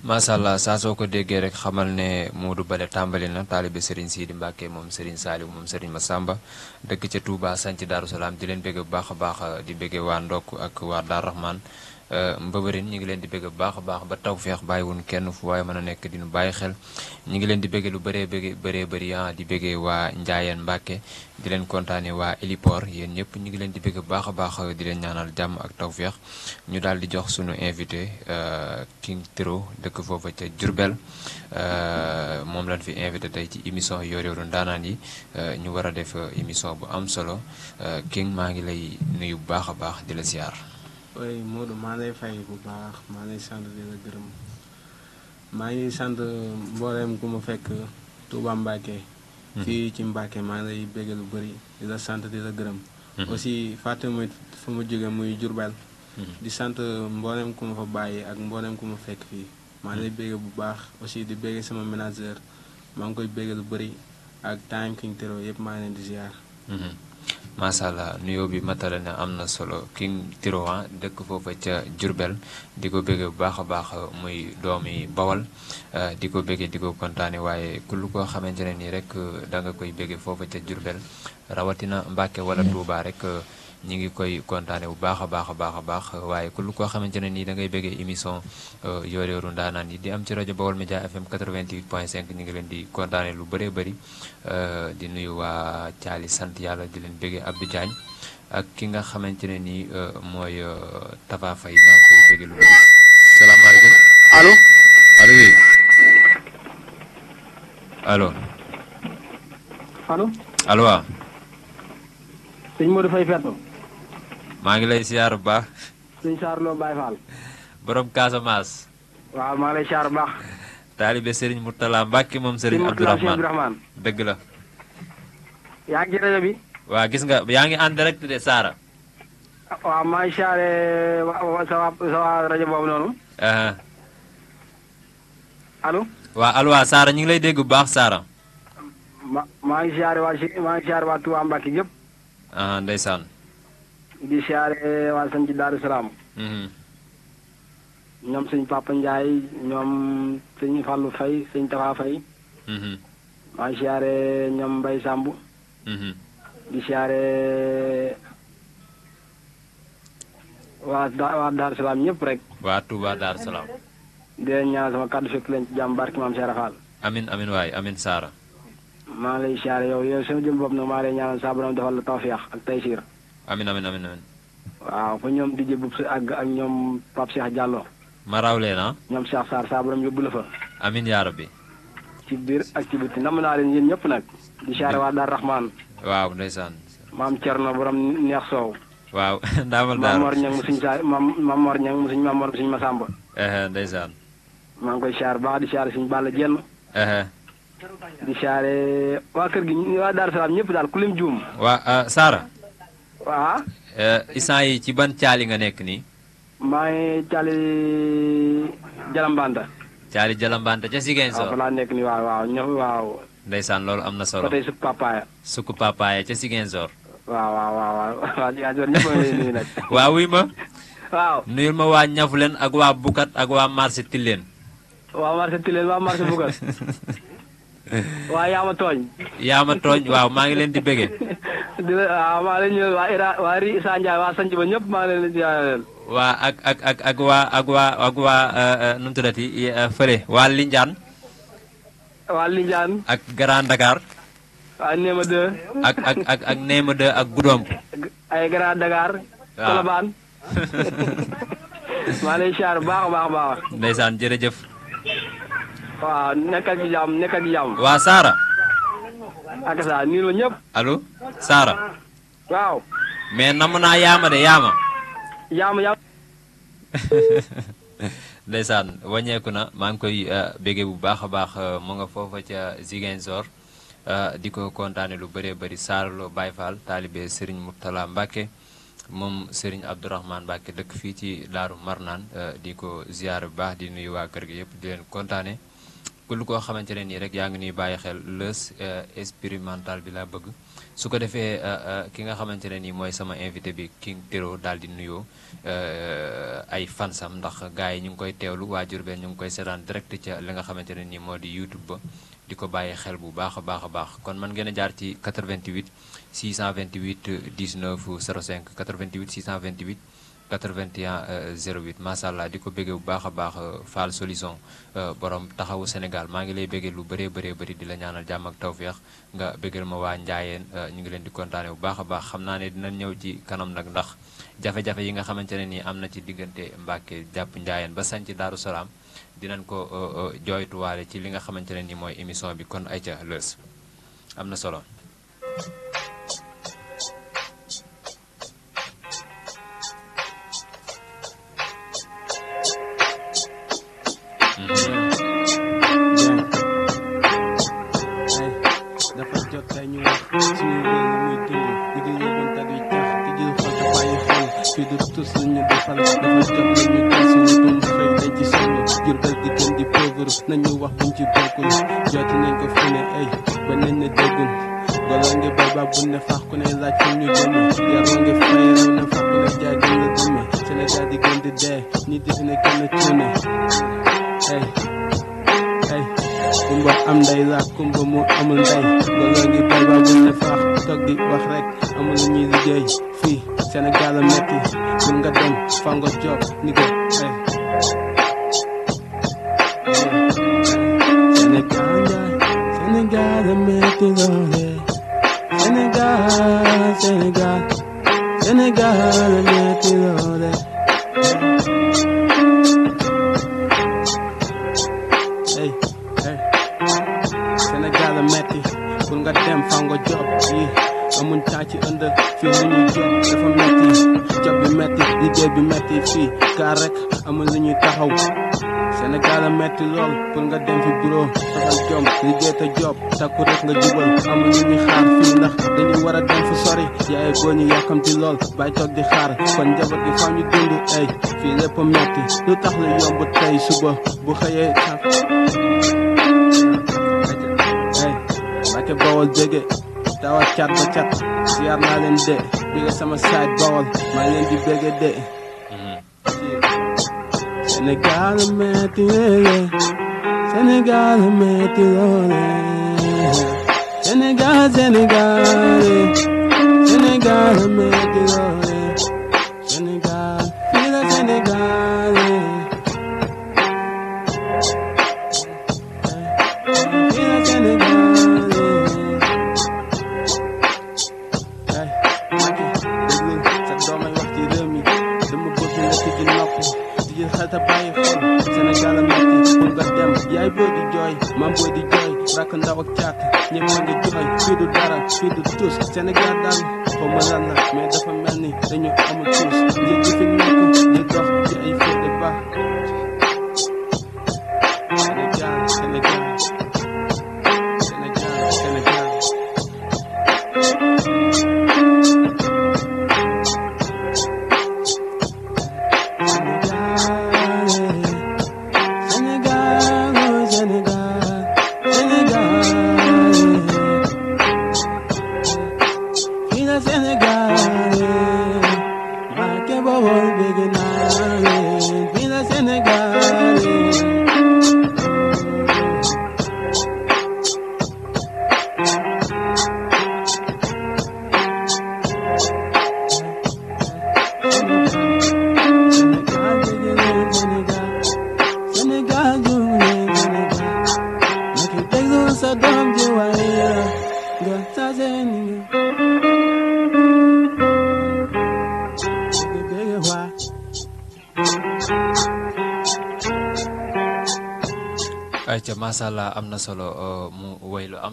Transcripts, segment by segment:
macha allah saa soo ko déggee rek xamal ne Modou Bale tàmbali na taalibe Serigne siidi Mbacke moom Serigne Saliou moom ma Massamba dëkk ca Touba sanc Daaru Salaam di leen bëgg bu baax a baax di bëggee waa Ndokk ak waa Daar Rahman Euh, mbëbërin ñu ngi leen di bëgg bu baax a baax ba taw bàyyi bàyyiwun kenn fu waaye mën a nekk dinu bàyyi xel ñu ngi leen di bëgg lu bëree bëgg bëree bëri ah, di bëggee waa Njaayeen Mbàkke di leen kontaane waa Héliport yéen ñëpp ñu ngi leen di bëgg bu baax a baax di leen ñaanal jàmm ak taw feex ñu daal di jox suñu invité euh, King Tiro dëkk foofa ca Jurbel euh, moom lañ fi invité tey ci émission Yoor Yooru Ndaanaan yi ñu war a def émission bu am solo King maa ngi lay nuyu bu baax a baax di la ziar ooy Modou maa lay fay bu baax maa lay sant di la gërëm maa ngi sant mbooleem ku ma fekk Touba Mbacke mhm. fii ci Mbacke maa lay bégge lu bari di la sant di la gërëm mhm. aussi fàttewuma fu ma jóge muy Jurbel mhm. di sant mbooleem ku ma fa bàyyi ak mbooleem ku ma fekk fii maa lay bégge bu baax aussi di bégge sama manager maa ngi koy bégge lu bari ak Time King Tero yëpp maa ngi leen di ziar macha allah nuyoo bi matala ne am na solo King Tirohan dëkk foofa ca Jurbel di ko bëggee bu baax a baax muy doomi Bawal euh, di ko bëggee di ko kontaane waaye ku lu koo xamante ne nii rek euh, da nga koy bëggee foofa ca Jurbel rawatina Mbàkke wala mm. Tuubaa rek. Euh, ñi ngi koy kontaane bu baax a baax a baax a baax waaye ku lu koo xamante ne nii da ngay bëggee émission yoor euh, yooru ndaanaan yi di am ci rajo Baol Média FM 88.5 ñu ngi leen di kontaane lu bare bëri euh, di nuyu waa caali sant yàlla di leen bëggee Abdou Diagne ak ki nga xamante ne nii euh, mooy Tafa Faye maa ngi alo bëggee lu bëri salaamaaleykum allo allo oui allo allo allo waaw sëñ Modou Faye Fetto maa ngi lay siyaar bu baax. suñu saarloo Baye Fall. borom Casamance. waaw maa ngi lay siyaar bu baax. taalibe Serigne Mourtala Mbacke moom Serigne Abdourahmane dëgg la. yaa ngi ci rajo bi. waaw gis nga yaa ngi en direct de Saara. waaw maa ngi siyaare sa waa sa waa rajo boobu noonu. allo. waaw allo waaw Saara ñu ngi lay dégg bu baax Saara. ma maa ngi siyaare waa si maa ngi siyaare waa Touba Mbacke yëpp. ndeysaan. di siyaare waa sëñ ci Daaru Salaam mm-hmm. ñoom sëñ Papa Ndiaye ñoom sëñ Fallou Faye sëñ Tafa Faye mm-hmm. maa siyaare ñoom Mbaye Samb mm-hmm. di siyaare waa waa Daaru Salaam ñëpp rek waa daar Daaru Salaam di ñaan sama kàddu fekk lañ ci jàmm barki maam Cheikh Fall amin amin waay amin Saara maa ngi lay siyaare yow yow sama jëm bopp nag maa ngi lay ñaanal saa borom defal la tawfeex ak taysiir amin amin amin waaw fa ñoom dijje bu si àgg ak ñoom Pape Cheikh Diallo. ma rawlee na ah. ñoom Cheikh Sarr saa borom yóbbu la fa amin yaa rabbi ci biir ak ci biti nam naa leen yéen ñëpp nag di saare maam maa ngi koy saar baax di saare suñ Balla Jenn di saare waa kër gi waa Daar Salaam ñëpp daal ku lim juum waa ah, Saara waaw. Ah. Eh, instant yi ci ban caali nga nekk nii. maa ngi caali Jalambanta. caali Jalambanta ca Ziguinchor. waaw ah, balaa nekk nii ndeysaan loolu am na solo. côté sukk papaaya. sukk papaaya ca Ziguinchor. waaw waaw waaw waaw a ngi nuyu wuy ma. waaw nuyul ma waa Ñafuleen ak waa Bukat ak waa marché Tilleen. waa marché Tilleen waa marché Bukat. waaw yaa ma tooñ. yaa ma tooñ waaw maa ngi leen di bëggee. di la waaw ah, maa leen ñëw waa Ira waa Ri Issa waa Sanji ba ñëpp maa leen di jaayaleel. waa ak waa ak waa eh, eh, ak eh, fële waa Lindiane. waa Lindiane. ak Grand Dakar. waa Néema 2. ak ak ay Grand Dakar. waaw maa lay siyaar baax a baax a baax. jërëjëf. waaw nekkal ci jàmm waa Saara. ak saa nii la ñëpp. allo Saara. waaw. mais namm naa yaama de yaama. yaama yaama. ndeysaan wàññeeku na maa ngi koy euh, bége bu baax a baax euh, mu nga foofa ca Ziguinchor euh, di ko kontaane lu bëree bari Saara Lo Baye Fall taalibe Serigne Mourtala Mbacke moom Serigne Abdourahmane Mbacke dëkk fii ci Daaru Marnaan di ko ziyaar bu baax di nuyu waa kër gi yëpp di leen kontaane lu koo xamante ne nii rek yaa ngi nuy bàyyi xel lës expérimental euh, bi laa bëgg su ko defee euh, euh, ki nga xamante ne nii mooy sama invité bi King tiro daal di nuyoo ay fansam ndax gars yi ñu ngi koy teewlu waa jur Diourbel ñu ngi koy seetaan direct ca li nga xamante ne nii moo di YouTube ba di ko bàyyi xel bu baax a baax a baax kon man ngeen a jaar ci 88 628 19 05 88 628 81 08 macha allah di ko bëggee bu baax a baax euh, Fall solution euh, borom taxawu Sénégal maa ngi lay bëggee lu bëree bëree bëri di la ñaanal jàmm ak tawféex nga bëggal ma waa Njaayeen euh, ñu ngi leen di kontaane bu baax a baax xam naa ne dinañ ñëw ci kanam nag ndax jafe-jafe yi nga xamante ne nii am na ci diggante Mbàkke jàpp Njaayeen ba sañ ci Daaru Salaam dinañ ko jooytuwaale ci li nga xamante ne nii mooy émission bi kon ay ca lës am na solo. lu tax lu yomb tey suba bu xëyee sax Mbàkke Bawol jege tawa cat ba cat siyaar naa leen de bi sama saaj Bawol maa leen di bëgge de Sénégal metti lele loole Sénégal Sénégal Sénégal metti loole maam booy di jooy rakk ndaw ak caat ñëpp a ngi jooy fii du dara fii du tus Sénégal daal xaw ma lan la mais dafa mel ni dañu amul tuus njëkk fi nekk di dox ci ay fii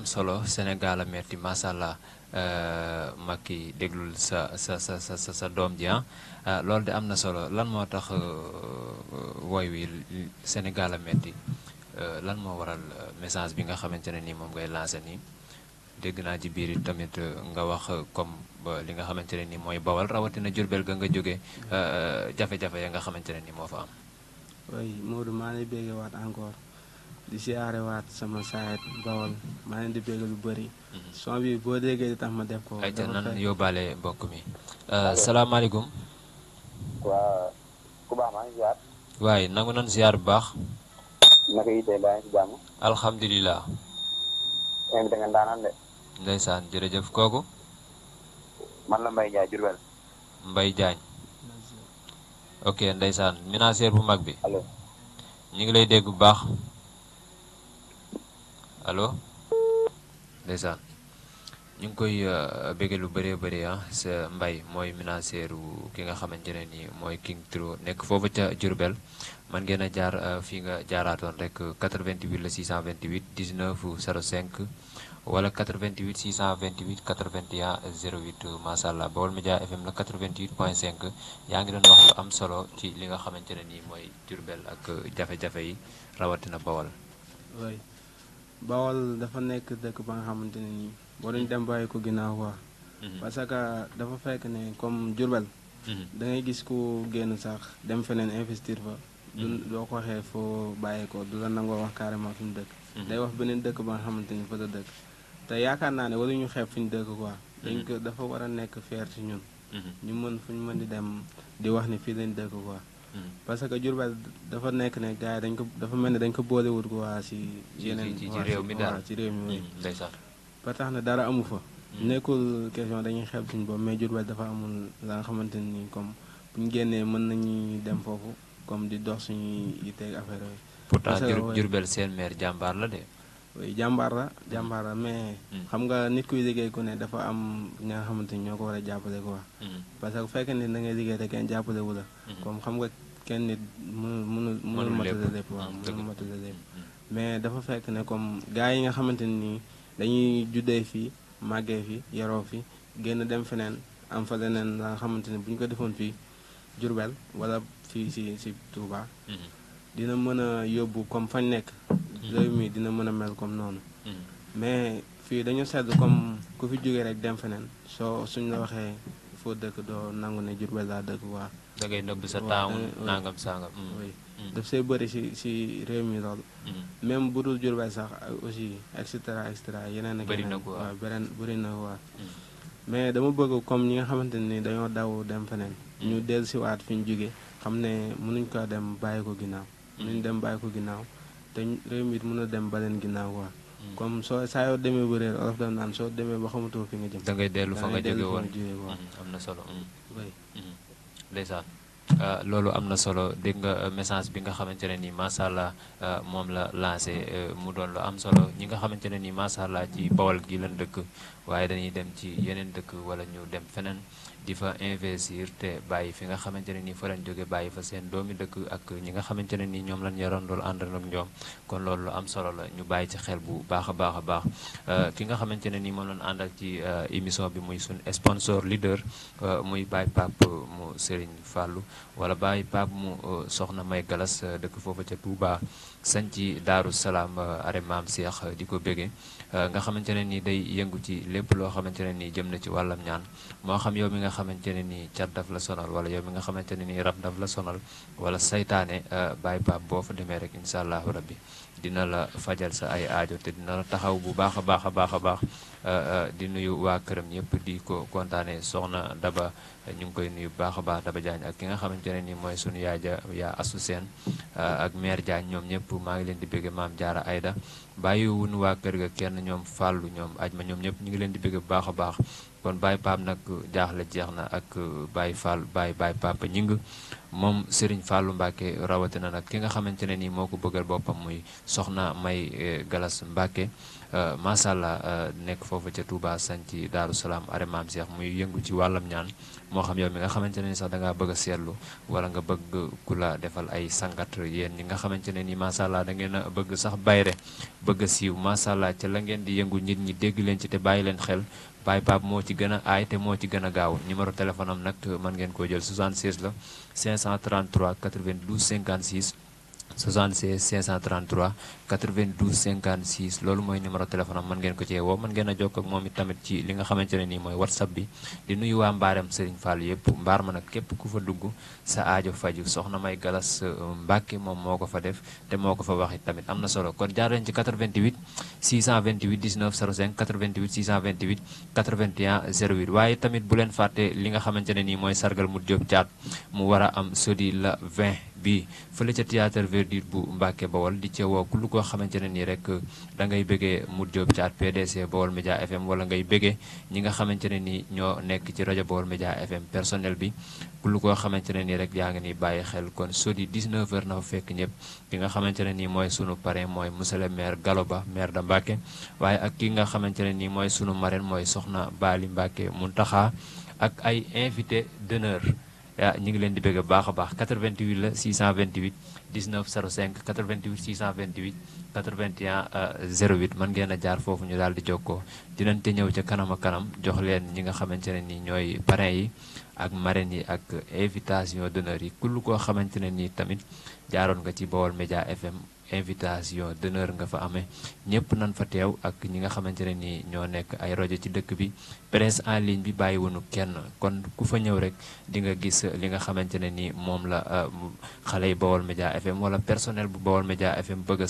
solo Sénégal a metti macha allah euh, Macky déglul sa sa sa sa sa doom ji ah. ah loolu de am na solo lan moo tax euh, euh, woy wi Sénégal a metti lan moo waral message bi nga xamante ne nii moom ngay lancé nii dégg naa ci biir tamit nga wax comme li nga xamante ne nii mooy bawal rawatina Jurbel ga nga jóge jafe-jafe ya nga xamante ne nii moo fa am. oui Modou maa lay béggewaat encore di siyaare waat sama saayit bawal. maa leen di bégal lu bëri. Mhm. boo déggee di ko. ayca yóbbaale mbokk mi. Euh, salaamaaleykum. waa ku baax maa bu baax. naka yi tey jërëjëf kooku. man la Mbaye Ndiaye Diourbel. Mbaye bu mag bi. ñu ngi lay dégg bu baax. alo dèjà ñu ngi koy euh, bége lu bëree bëri ah sa mbay mooy menaceeru ki nga xamante ne nii mooy King Tro nekk foofu ca Diourbel man ngeen a jaar euh, fii nga jaaraatoon rek 88 la 628 19 05 wala 88 628 81 08 macha allah Baol Média FM la 88 point 5 yaa ngi doon wax lu am solo ci li nga xamante ne nii mooy Diourbel ak euh, jafe-jafe yi rawatina Baol. Bawol dafa nekk dëkk ba nga xamante ne nii waruñ dem bàyyi ko ginnaaw quoi. Mhm. parce que dafa fekk ne comme Jurbel mhm. da ngay gis ku génn sax dem feneen investir fa. du mhm. doo ko waxee foo bàyyi ko du la nangoo wax carrément fi mu dëkk. day wax beneen dëkk ba nga xamante ni fa la dëkk. te yaakaar naa ne waruñu xeeb fi ñu dëkk quoi. dañ ko dafa war a nekk fier ci ñun. ñu mën fu ñu mën di dem di wax ne fii leen dëkk quoi. parce que Diourbel dafa nekk ne gars yi dañ ko dafa mel ne dañ ko boole boolewut ko waa si yeneen ci réew mi daal ci réew mi mm, ndeysaan ba tax na dara amu fa mm. nekkul question dañuy xeeb suñu boobu mais Diourbel dafa amul la nga xamante ni comme bu ñu génnee mën nañuy dem foofu comme di dox suñuy yitteeg affaire pour tax Diourbel seen maire jàmbaar la de oui jàmbaar la jàmbaar la mais. Hmm. xam nga nit kuy liggéey ku ne dafa am ñi nga xamante ni ñoo ko war a jàppale quoi. Hmm. parce que bu fekkee nit na ngay liggéey te kenn jàppale wu la. Hmm. comme xam nga kenn nit mënul mënul. mënul matale lépp waaw mënul matale lépp. mais dafa fekk ne comme gars yi nga xamante nii dañuy juddee fii màggee fi yoroo fi génn dem feneen am fa leneen la nga xamante ni bu ñu ko defoon fii Diourbel wala fii si si Touba. dina mën a yóbbu comme fañ nekk mm-hmm. réew mi dina mën a mel comme noonu mm-hmm. mais fii dañu sedd comme ku fi jógee rek dem feneen soo suñ la waxee foo dëkk doo nangu ne Jurbel laa dëkk waa da ngay nëbb sa taamu nangam sangam mm-hmm. daf see bëri si si réew mi lool même bu dul Jurbel sax euh, aussi et cetera et cetera yeneen ak yeneen waaw beneen bëri na waa mais dama bëgg comme ñi nga xamante ni dañoo daw dem feneen ñu dellu siwaat fi ñu jóge xam ne nuñ ko dem bàyyi ko ginnaaw ñu dem bàyyi ko ginnaaw te réew mi it a dem baleen ginnaaw quoi. Mm. comme soo saa yoo demee ba réer olof daan naan soo demee ba xamatoo fi nga jëm. da dellu fa nga jóge woon mm, am na solo. Mm. ndeysaan euh, loolu am na solo dégg nga euh, message bi nga xamante ne nii macha allah euh, moom la lancé mu doon lu am solo ñi nga xamante ne nii macha allah ci bawal gi lan dëkk waaye dañuy dem ci yeneen dëkk wala ñëw dem feneen. di fa investir te bàyyi fi nga xamante ne nii fa lañ jóge bàyyi fa seen doomi dëkk ak ñi nga xamante ne nii ñoom lañ yaroon loolu ànd ak ñoom kon loolu lu am solo la ñu bàyyi ci xel bu baax a baax a baax euh, ki nga xamante ne nii moom lañ àndal ci euh, émission bi muy suñ sponsor leader euh, muy Baye Pape mu Serigne fàllu wala Baye Pape mu Soxna May Galas dëkk foofa ca Touba sañ ci Daaru Salaam are maam Seex di ko bége Euh, nga xamante ne ni day yëngu ci lépp loo xamante ne ni jëm na ci wàllam ñaan moo xam yow mi nga xamante ne ni cat daf la sonal wala yow mi nga xamante ne ni rab daf la sonal wala seytaane euh, bàyyi paam boo fa demee rek incha allahu rabbi dina la fajal sa ay aajo te dina la taxaw bu baax a baax a baax a baax Euh, euh, di nuyu waa këram yëpp di ko kontaane soxna Daba ñu ngi koy nuyu baax a baax Daba Diagne ak ki nga xamante ne nii mooy sunu yaay ja yaa asu seen euh, ak meer Diagne ñoom ñëpp maa ngi leen di bëgg maam Jaara Ayda bàyyi wuñu waa kër ga kenn ñoom fàllu ñoom aj ma ñoom ñëpp ñu ngi leen di bëgg bu baax a baax kon Baye Pape nag jaaxle jeex na ak Baye Fall baay Baye Pape ñing moom Serigne Fallou Mbacke rawatina nag ki nga xamante ne nii moo ko bëggal boppam muy soxna May Galas Mbacke Euh, macha allah euh, nekk foofu ca Touba sanc Daaru Salaam are maam Cheikh muy yëngu ci wàllam ñaan moo xam yow mi nga xamante ne ni sax da ngaa bëgg a seetlu wala nga bëgg ku la defal ay sangat yéen ñi nga xamante ne ni macha allah da ngeen a bëgg sax bayre bëgg a siiw macha ca la ngeen di yëngu nit ñi dégg leen ci te bàyyi leen xel. Baye Pape moo ci gën a aay te moo ci gën a gaaw numéro téléphone am nag mën ngeen koo jël 76 la 533 92 56 92 56 loolu mooy numéro téléphone am mën ngeen ko cee woo mën ngeen a jokkoo ak moom it tamit ci li nga xamante ne nii mooy whatsapp bi di nuyu waa mbaaram Serigne Fall yëpp mbaar ma nag képp ku fa dugg sa aajo faju soxna May Galas euh, Mbacke moom moo ko fa def te moo ko fa wax tamit am na solo kon jaar leen ci 88 628 19 05 88 628 81 08 waaye tamit bu leen fàtte li nga xamante ne nii mooy sargal mu Diop Thiat mu war am sodi la 20 bi fële ca théâtre verdure bu Mbacke Bawol di ca woo koo xamante ne nii rek euh, da ngay bëggee Modou Diop Thiat PDC Baol Média FM wala ngay bëggee ñi nga xamante ne nii ñoo nekk ci rajo Baol Média FM personnel bi lu koo xamante ne nii rek yaa ngi ni bàyyi xel kon sodi 19h na fa fekk ñëpp ki nga xamante ne nii mooy sunu parrain mooy monsieur le maire Galoba maire de Mbacké waaye ak ki nga xamante ne nii mooy sunu marraine mooy soxna Bali Mbacké taxaa ak ay invité d'honneur Ah, ñu ngi leen di bëgg baax a baax 88 la 628 19 05 88 628 81 08 mën ngeen a jaar foofu ñu daal di jokkoo dinañ te ñëw ca kanam kanam jox leen ñi nga xamante ne ni ñooy parrain yi ak marraine yi ak invitation d'honneur yi kul koo xamante ne ni tamit jaaroon nga ci Baol Média FM invitation deneur nga fa amee ñëpp nan fa teew ak ñi nga xamante ne ni ñoo nekk ay rajo ci dëkk bi presse en ligne bi bàyyi wunu kenn kon ku fa ñëw rek di nga gis li nga xamante ne ni moom la euh, xale yi Baol Média FM wala personnel bu Baol Média FM bëgg a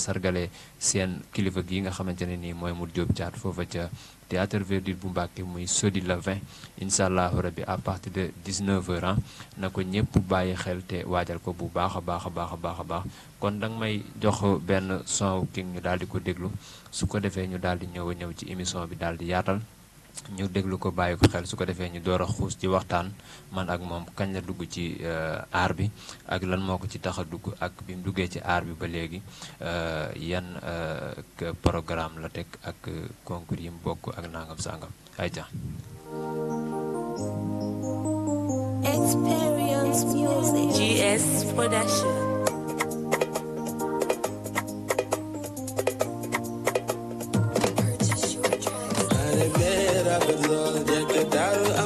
seen kilifa gi nga xamante ne ni mooy mu jóob caat foofa ca théâtre verdure bu Mbàkke muy sodi la 20 incha allahu rabi à partir de 19h ah na ko ñëpp bàyyi xel te waajal ko bu baax a baax a baax a baax a baax kon danga may jox benn son king ñu daal di ko déglu su ko defee ñu daal di ñëw a ñëw ci émission bi daal di yaatal. ñu déglu ko bàyyi ko xel su ko defee ñu door xuus ci waxtaan man ak moom kañ la dugg ci euh, aar bi ak lan moo ko ci tax a dugg ak bi duggee ci aar bi ba léegi euh, yan euh, programme la teg ak concours yi bokk ak nangam sangam ayca. Experience Music dafa soo jekk daru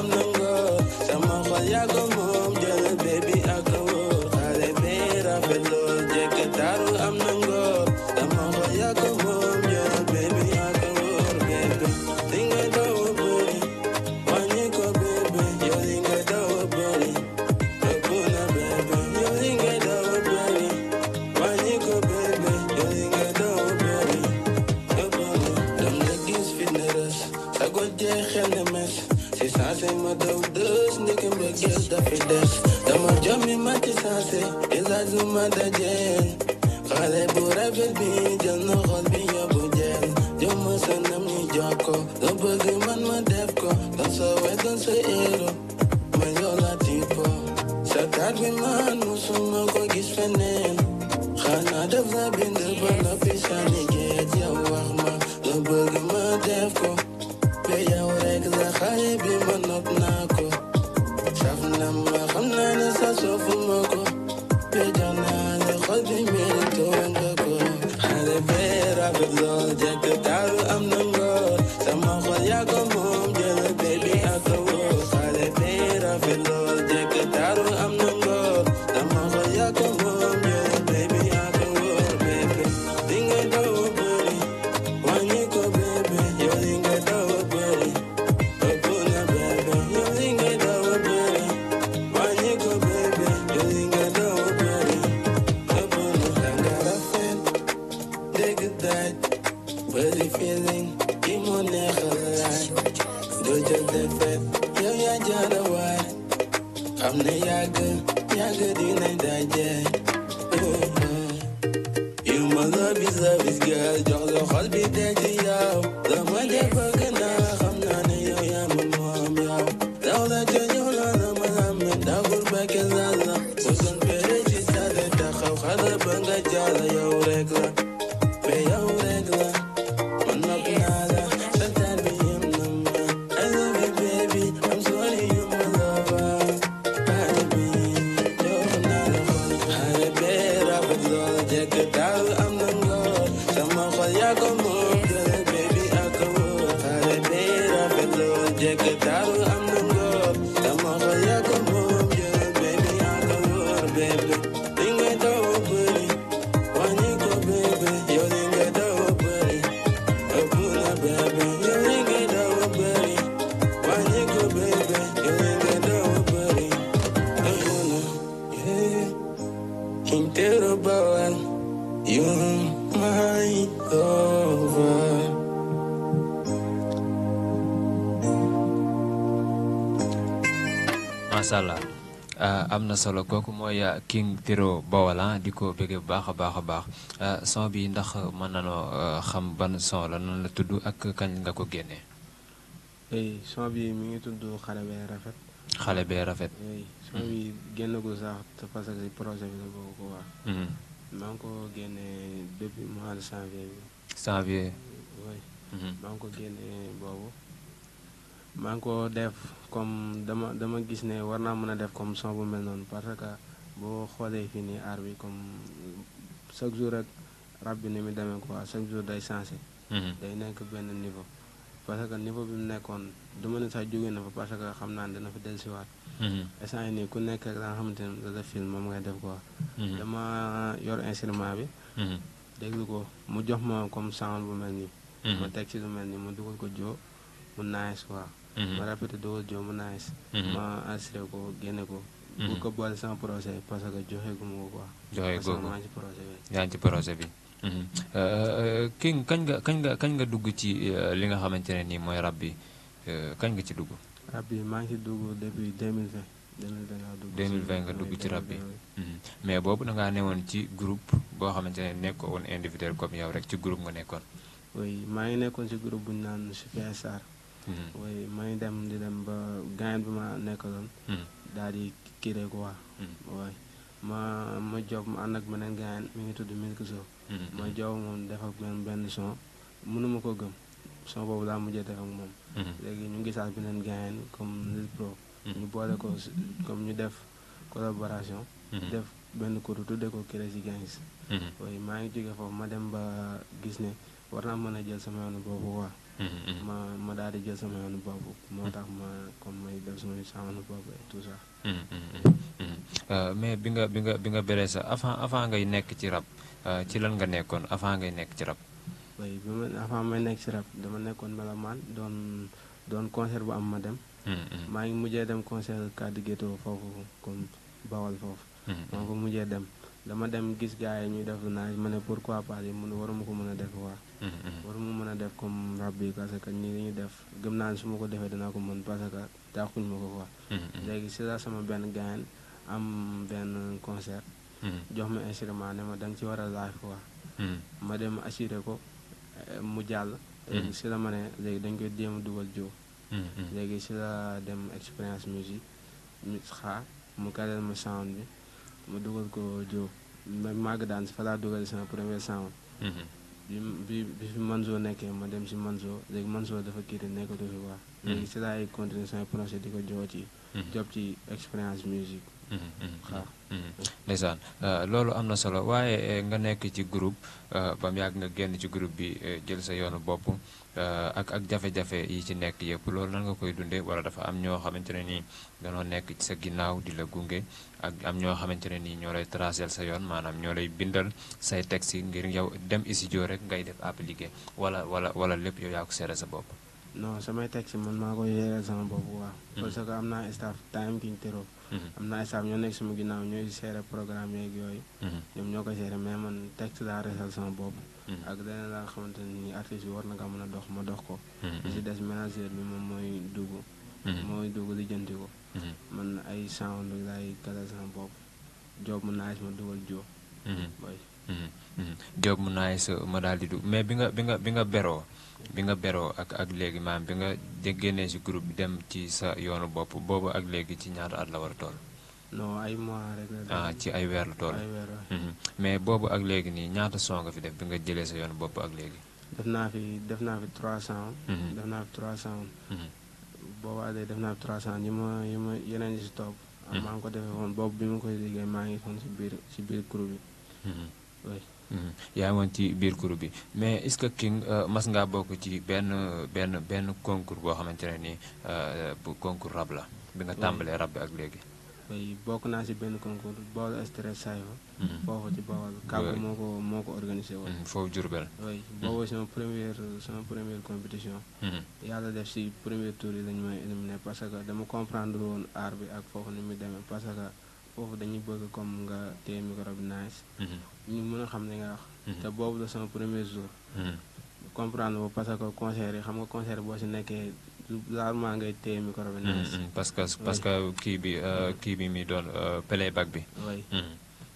mësuma dajeel xale bu rafet bi jël na xol bi yóbbu jël jëmm sa nam ñu jox ko la bëgg man ma def ko ndax sa wetan sa éero ma yow la tipo sa taat bi man mësuma ko gis feneen xanaa def la bind ba noppi sànni mooy King Tero Bawala di ko bëggee bu baax a baax a baax euh, son bi ndax mën nanoo euh, xam ban son la noonu la tudd ak kañ nga ko génne son bi mi ngi tudd xale rafet. xale bee rafet. oui son bi génnagul sax parce projet bi la boo ko wax. maa ngi ko génnee depuis mois de janvier bi. janvier. oui mhm. maa ngi boobu. maa ngi ko def comme dama dama gis ne war naa mën a def comme son bu mel noonu parce que. boo xoolee fii nii aar bi comme chaque jour rek rab bi ni mu demee quoi chaque jour day changé. Mhm. day nekk benn niveau. parce que niveau bi mu nekkoon du ma ne sax jóge na fa parce que xam naa ne dina fa dellusiwaat. Mhm. instant yii nii ku nekk rek da xamante ne da film moom ngay def quoi. Mhm. dama yor instrument bi. déglu ko mu jox ma comme sound bu mel nii. ma teg ci lu mel nii mu dugal ko joo mu nice quoi. ma répété dugal joo mu nice. ma enregistré ko génne ko. bu ko boole sama projet parce que joxe gu ma ko quoi. joxe googu maa ngi yaa ngi ci projet eh, bi. Eh, eh, King kañ nga kañ nga kañ nga dugg ci li nga xamante ne nii mooy rab bi kañ nga ci dugg. rab bi maa ngi ci dugg depuis 2020. 2020 nga dugg ci rab bi mais boobu da newoon ci groupe boo xamante ne nekkoo woon individuel comme yow rek ci groupe nga nekkoon. oui maa ngi nekkoon ci groupe bu ñu naan Super Star. oui maa ngi dem di dem ba gaañ bi ma nekkaloon. daal di. Kiré quoi. waaye mm. ma ma job ma ànd ak beneen gars mi ngi tudd Milk Sow. Mm, mm. ma job moom def benn son mënuma ko gëm son boobu laa mujjee def moom. léegi ñu gisaat beneen gars comme Lil Pro. ñu boole ko comme ñu def collaboration. def benn kuréel tuddee ko Crazy Gangs. waaye maa ngi jóge foofu ma dem ba gis ne war naa mën a jël sama yoonu boobu ma daal di jël sama yoonu boobu. moo tax ma comme may def sama yoonu boobu et tout Euh, mais bi nga bi nga bi nga béré sa avant avant ngay nekk ci rab euh, ci lan nga nekkoon avant ngay nekk ci rab. oui bi ma avant may nekk ci rab dama nekkoon melomaan doon doon concert bu am ma dem. Mm-hmm. maa ngi mujjee dem concert Kadi Ghetto foofu comme Bawol foofu. Mm-hmm. maa ngi mujjee dem. dama dem gis gars yi ñuy def naa ma ne pourquoi pas yi mun waruma ko mën a def waa mm-hmm. waruma mën a def comme rab bi parce que nii dañuy def gëm naa ne su ma ko defee dinaa ko mën parce que dàquñ ma ko quoi mm-hmm. léegi si la sama benn gayen am benn concert mm-hmm. jox ma instrument ne ma da nga ci war a live quoi ma dem assuré ko eh, mu jàll léegi si la ma ne léegi dañ koy jéem a dugal joo léegi si la dem expérience musique mu xaar mu kareel ma sound bi ma dugal ko Diop ma màgg daan si fa laa dugal sama premier son. Mhm. bi bi bi fi Manzo nekkee ma dem si Manzo léegi Manzo dafa kiite nekkatu fi quoi. Mhm. léegi si laay continuer sama projet di ko jox ci. Mhm. job ci expérience musique. Mm-hmm. ndeysaan euh, loolu am na solo waaye euh, nga nekk ci groupe euh, ba mu yàgg nga génn ci groupe bi jël sa yoonu bopp ak ak jafe-jafe yi ci nekk yëpp loolu nan nga koy dundee wala dafa am ñoo xamante ne nii danoo nekk ci sa ginnaaw di la gunge ak am ñoo xamante ne nii ñoo lay tracel sa yoon maanaam ñoo lay bindal say texte ngir yow dem studio rek ngay def appliqué wala wala wala lépp yow yaa ko seere sa bopp. non samay texte man maa koy yeeral sama bopp waaw. Mm-hmm. parce que am naa staff time kiñ teroo. Mm-hmm. am na staff ñoo nekk sama ginnaaw ñooy gérer programme yeeg yooyu. Mm-hmm. ñoom ñoo ko gérer mais man texte daa resal sama bopp. ak leneen laa xamante ni artiste bi war na ko mën a dox ma dox ko. Mm-hmm. li si des manager bi moom mooy dugg. mooy dugg lijjanti ko. man ay sound laay kale sama bopp job mu naaj ma dugal joo. job mu naaj ma daal di dugg mais bi nga bi nga bi nga beroo. bi nga beroo ak ak léegi maam bi nga génnee si groupe bi dem ci sa yoonu bopp boobu ak léegi ci ñaata at la war a toll. non ay mois rek ah, ci ay weer la toll. Mhm. mais boobu ak léegi nii ñaata son nga fi def bi nga jëlee sa yoonu bopp ak léegi. def naa fi def naa fi 300. Mhm. def naa fi 300. Mhm. boobu ak léegi def naa fi 300 ñi ma yi ma yeneen yi si topp. maa ngi ko defee woon bopp bi mu koy liggéey maa ngi foon si biir si biir groupe Mm-hmm. yaa ngi woon ci biir groupe bi mais est-ce que King euh, mas ngaa bokk ci benn benn benn concours boo xamante ne nii euh, bu concours rab la. bi nga tàmbalee rab bi ak léegi. oui bokk naa si benn concours bool stress saa mm-hmm. foofu ci Bawol kàggu moo ko moo ko organisé woon. Mm-hmm. foofu Diourbel. oui boobu sama première sama première compétition. yàlla def si premier tour yi lañu may éliminé parce que dama comprendre woon aar bi ak foofu ni mu demee parce que foofu dañuy bëgg comme nga téye micro bi ñu mën a xam ne nga wax. Mhm. te boobu la sama premier jour. Mhm. comprendre ko parce que concert yi xam nga concert boo si nekkee rarement ngay téye micro bi. Mhm, parce que parce que kii bi euh, kii bi mi doon euh, playback bi.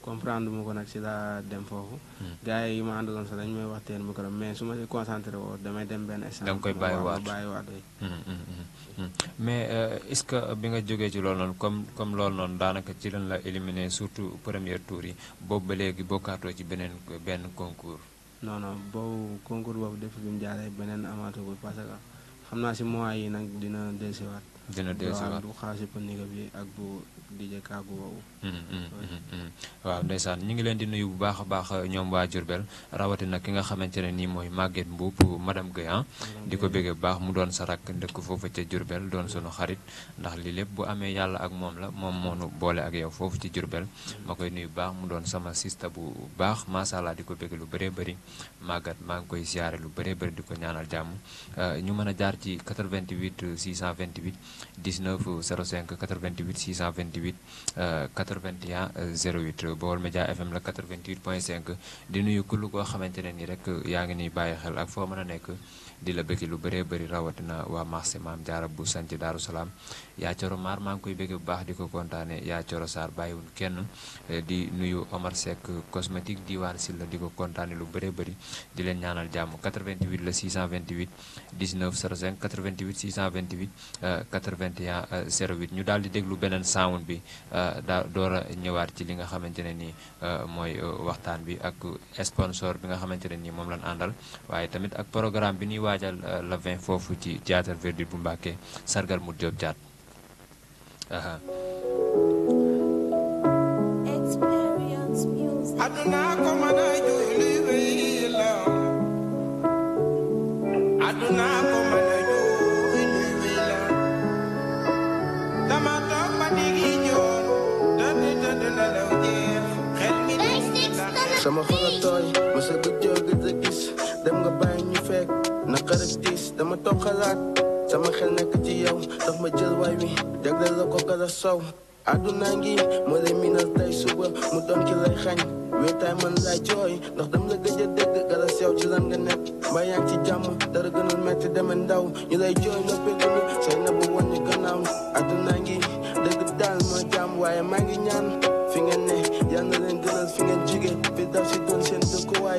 comprendre mu ko nag ci laa dem foofu. Hmm. gars yi ma àndaloon sax dañ may wax teen micro mais su ma si concentré woo damay dem benn instant. da nga koy bàyyiwaat bàyyiwaat hmm, hmm, mais euh, est-ce que bi nga jógee ci loolu noonu comme comme loolu noonu daanaka ci lan la éliminé surtout premier tour yi boobu ba léegi bokkaatoo ci beneen benn concours. non non boobu concours boobu def bi mu jaaree beneen amaatagul parce que xam naa si mois yi nag dina dellusiwaat. dina dellusiwaat bu xaasi bu niga bi ak bu DJ Kaagu woowu. waaw ndeysaan ñu ngi leen di nuyu bu baax a baax euh, ñoom waa Diourbel rawatina ki nga xamante ne nii mooy Maguette Mboup madame Guèye ah. di ko bëggee bu baax mu doon sa rakk ndëkk foofu ca jurbeel doon sunu xarit ndax lii lépp bu amee yàlla ak moom la moom moo nu boole ak yow foofu ci Diourbel ma koy nuyu bu baax mu doon sama sista bu baax macha allah di ko bëgg lu bëree bëri màgget maa ngi koy siyaare lu bëree bëri di ko ñaanal jàmm euh, ñu mën a jaar ci 88 628. 19 05 88 628 81 08 Baol Média FM la 88 point 5 di nuyu kull koo xamante ne nii rek yaa ngi nuy bàyyi xel ak foo mën a nekk di la bëgg lu bëree bëri rawatina waa marché maam jaara bu sant Daaru Salaam yaa coro maar maa ngi koy bëgg bu baax di ko kontaane yaa coro saar bàyyiwul kenn eh, di nuyu Omar Seck cosmétique diwaan si la di ko kontaane lu bëree bëri di leen ñaanal jàmm 88 la 628 19 05 88 628 81 08 ñu daal di déglu beneen sound bi eh, daa door ñëwaat ci li nga xamante ne nii eh, mooy waxtaan bi ak sponsor bi nga xamante ne nii moom lañ àndal waaye tamit ak programme bi ñuy waajal la foofu ci théâtre Verdure bu Mbàkke sargal mu Jóob Jaat Aha. Experience music. aduna ko mën a julli wi la aduna ko mën a julli wi la dama toog ba digi joor dëdd dëdd nelaw jeex xel mi sama xol tooy ma sa gëj gëj a gis dem nga bàyyi ñu fekk naqar ak tiis dama toog xalaat sama xel na ci yow daf ma jël way wi jagleel la ko kara sow àdduna ngi moo lay minal tey suba mu doon ci lay xañ wéetaay man lay jooy ndax dam la gëj a dégg kara sew ci lan nga nekk mbaa yaa ngi ci jàmm dara gënul metti ndaw ñu lay jooy noppeetunu say na bu wan ñu gannaaw àdduna ngi dëgg daal ma jàmm waaye maa ngi ñaan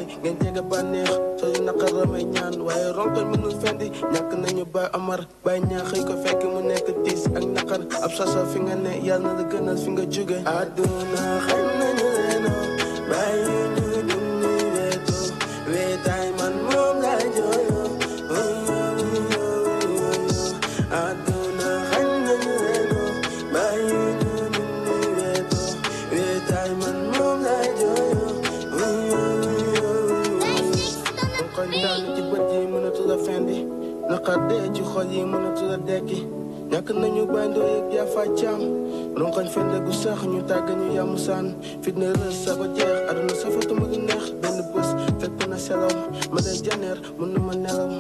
baay ngeen jege bànneex waaye ronkan mënul nañu baay amar baay ñaa xëy ko fekk mu nekk tiis ak naqar ab sasa fi ne yàlla na la gënal fi nga jóge àdduna xëy nañu leeno bàyyi ñu dum ni weetu weetaay man moom lay jooyo xaddee ci xol yi mënatu la dekki ñàkk nañu a yëg yaa fa caam ronkoñ fende gu sax ñu tàgg ñu yàmmu saan fitna rës sa ba jeex aduna safatuma gi neex benn bés fekk na selaw ma dee janeer mën na ma nelaw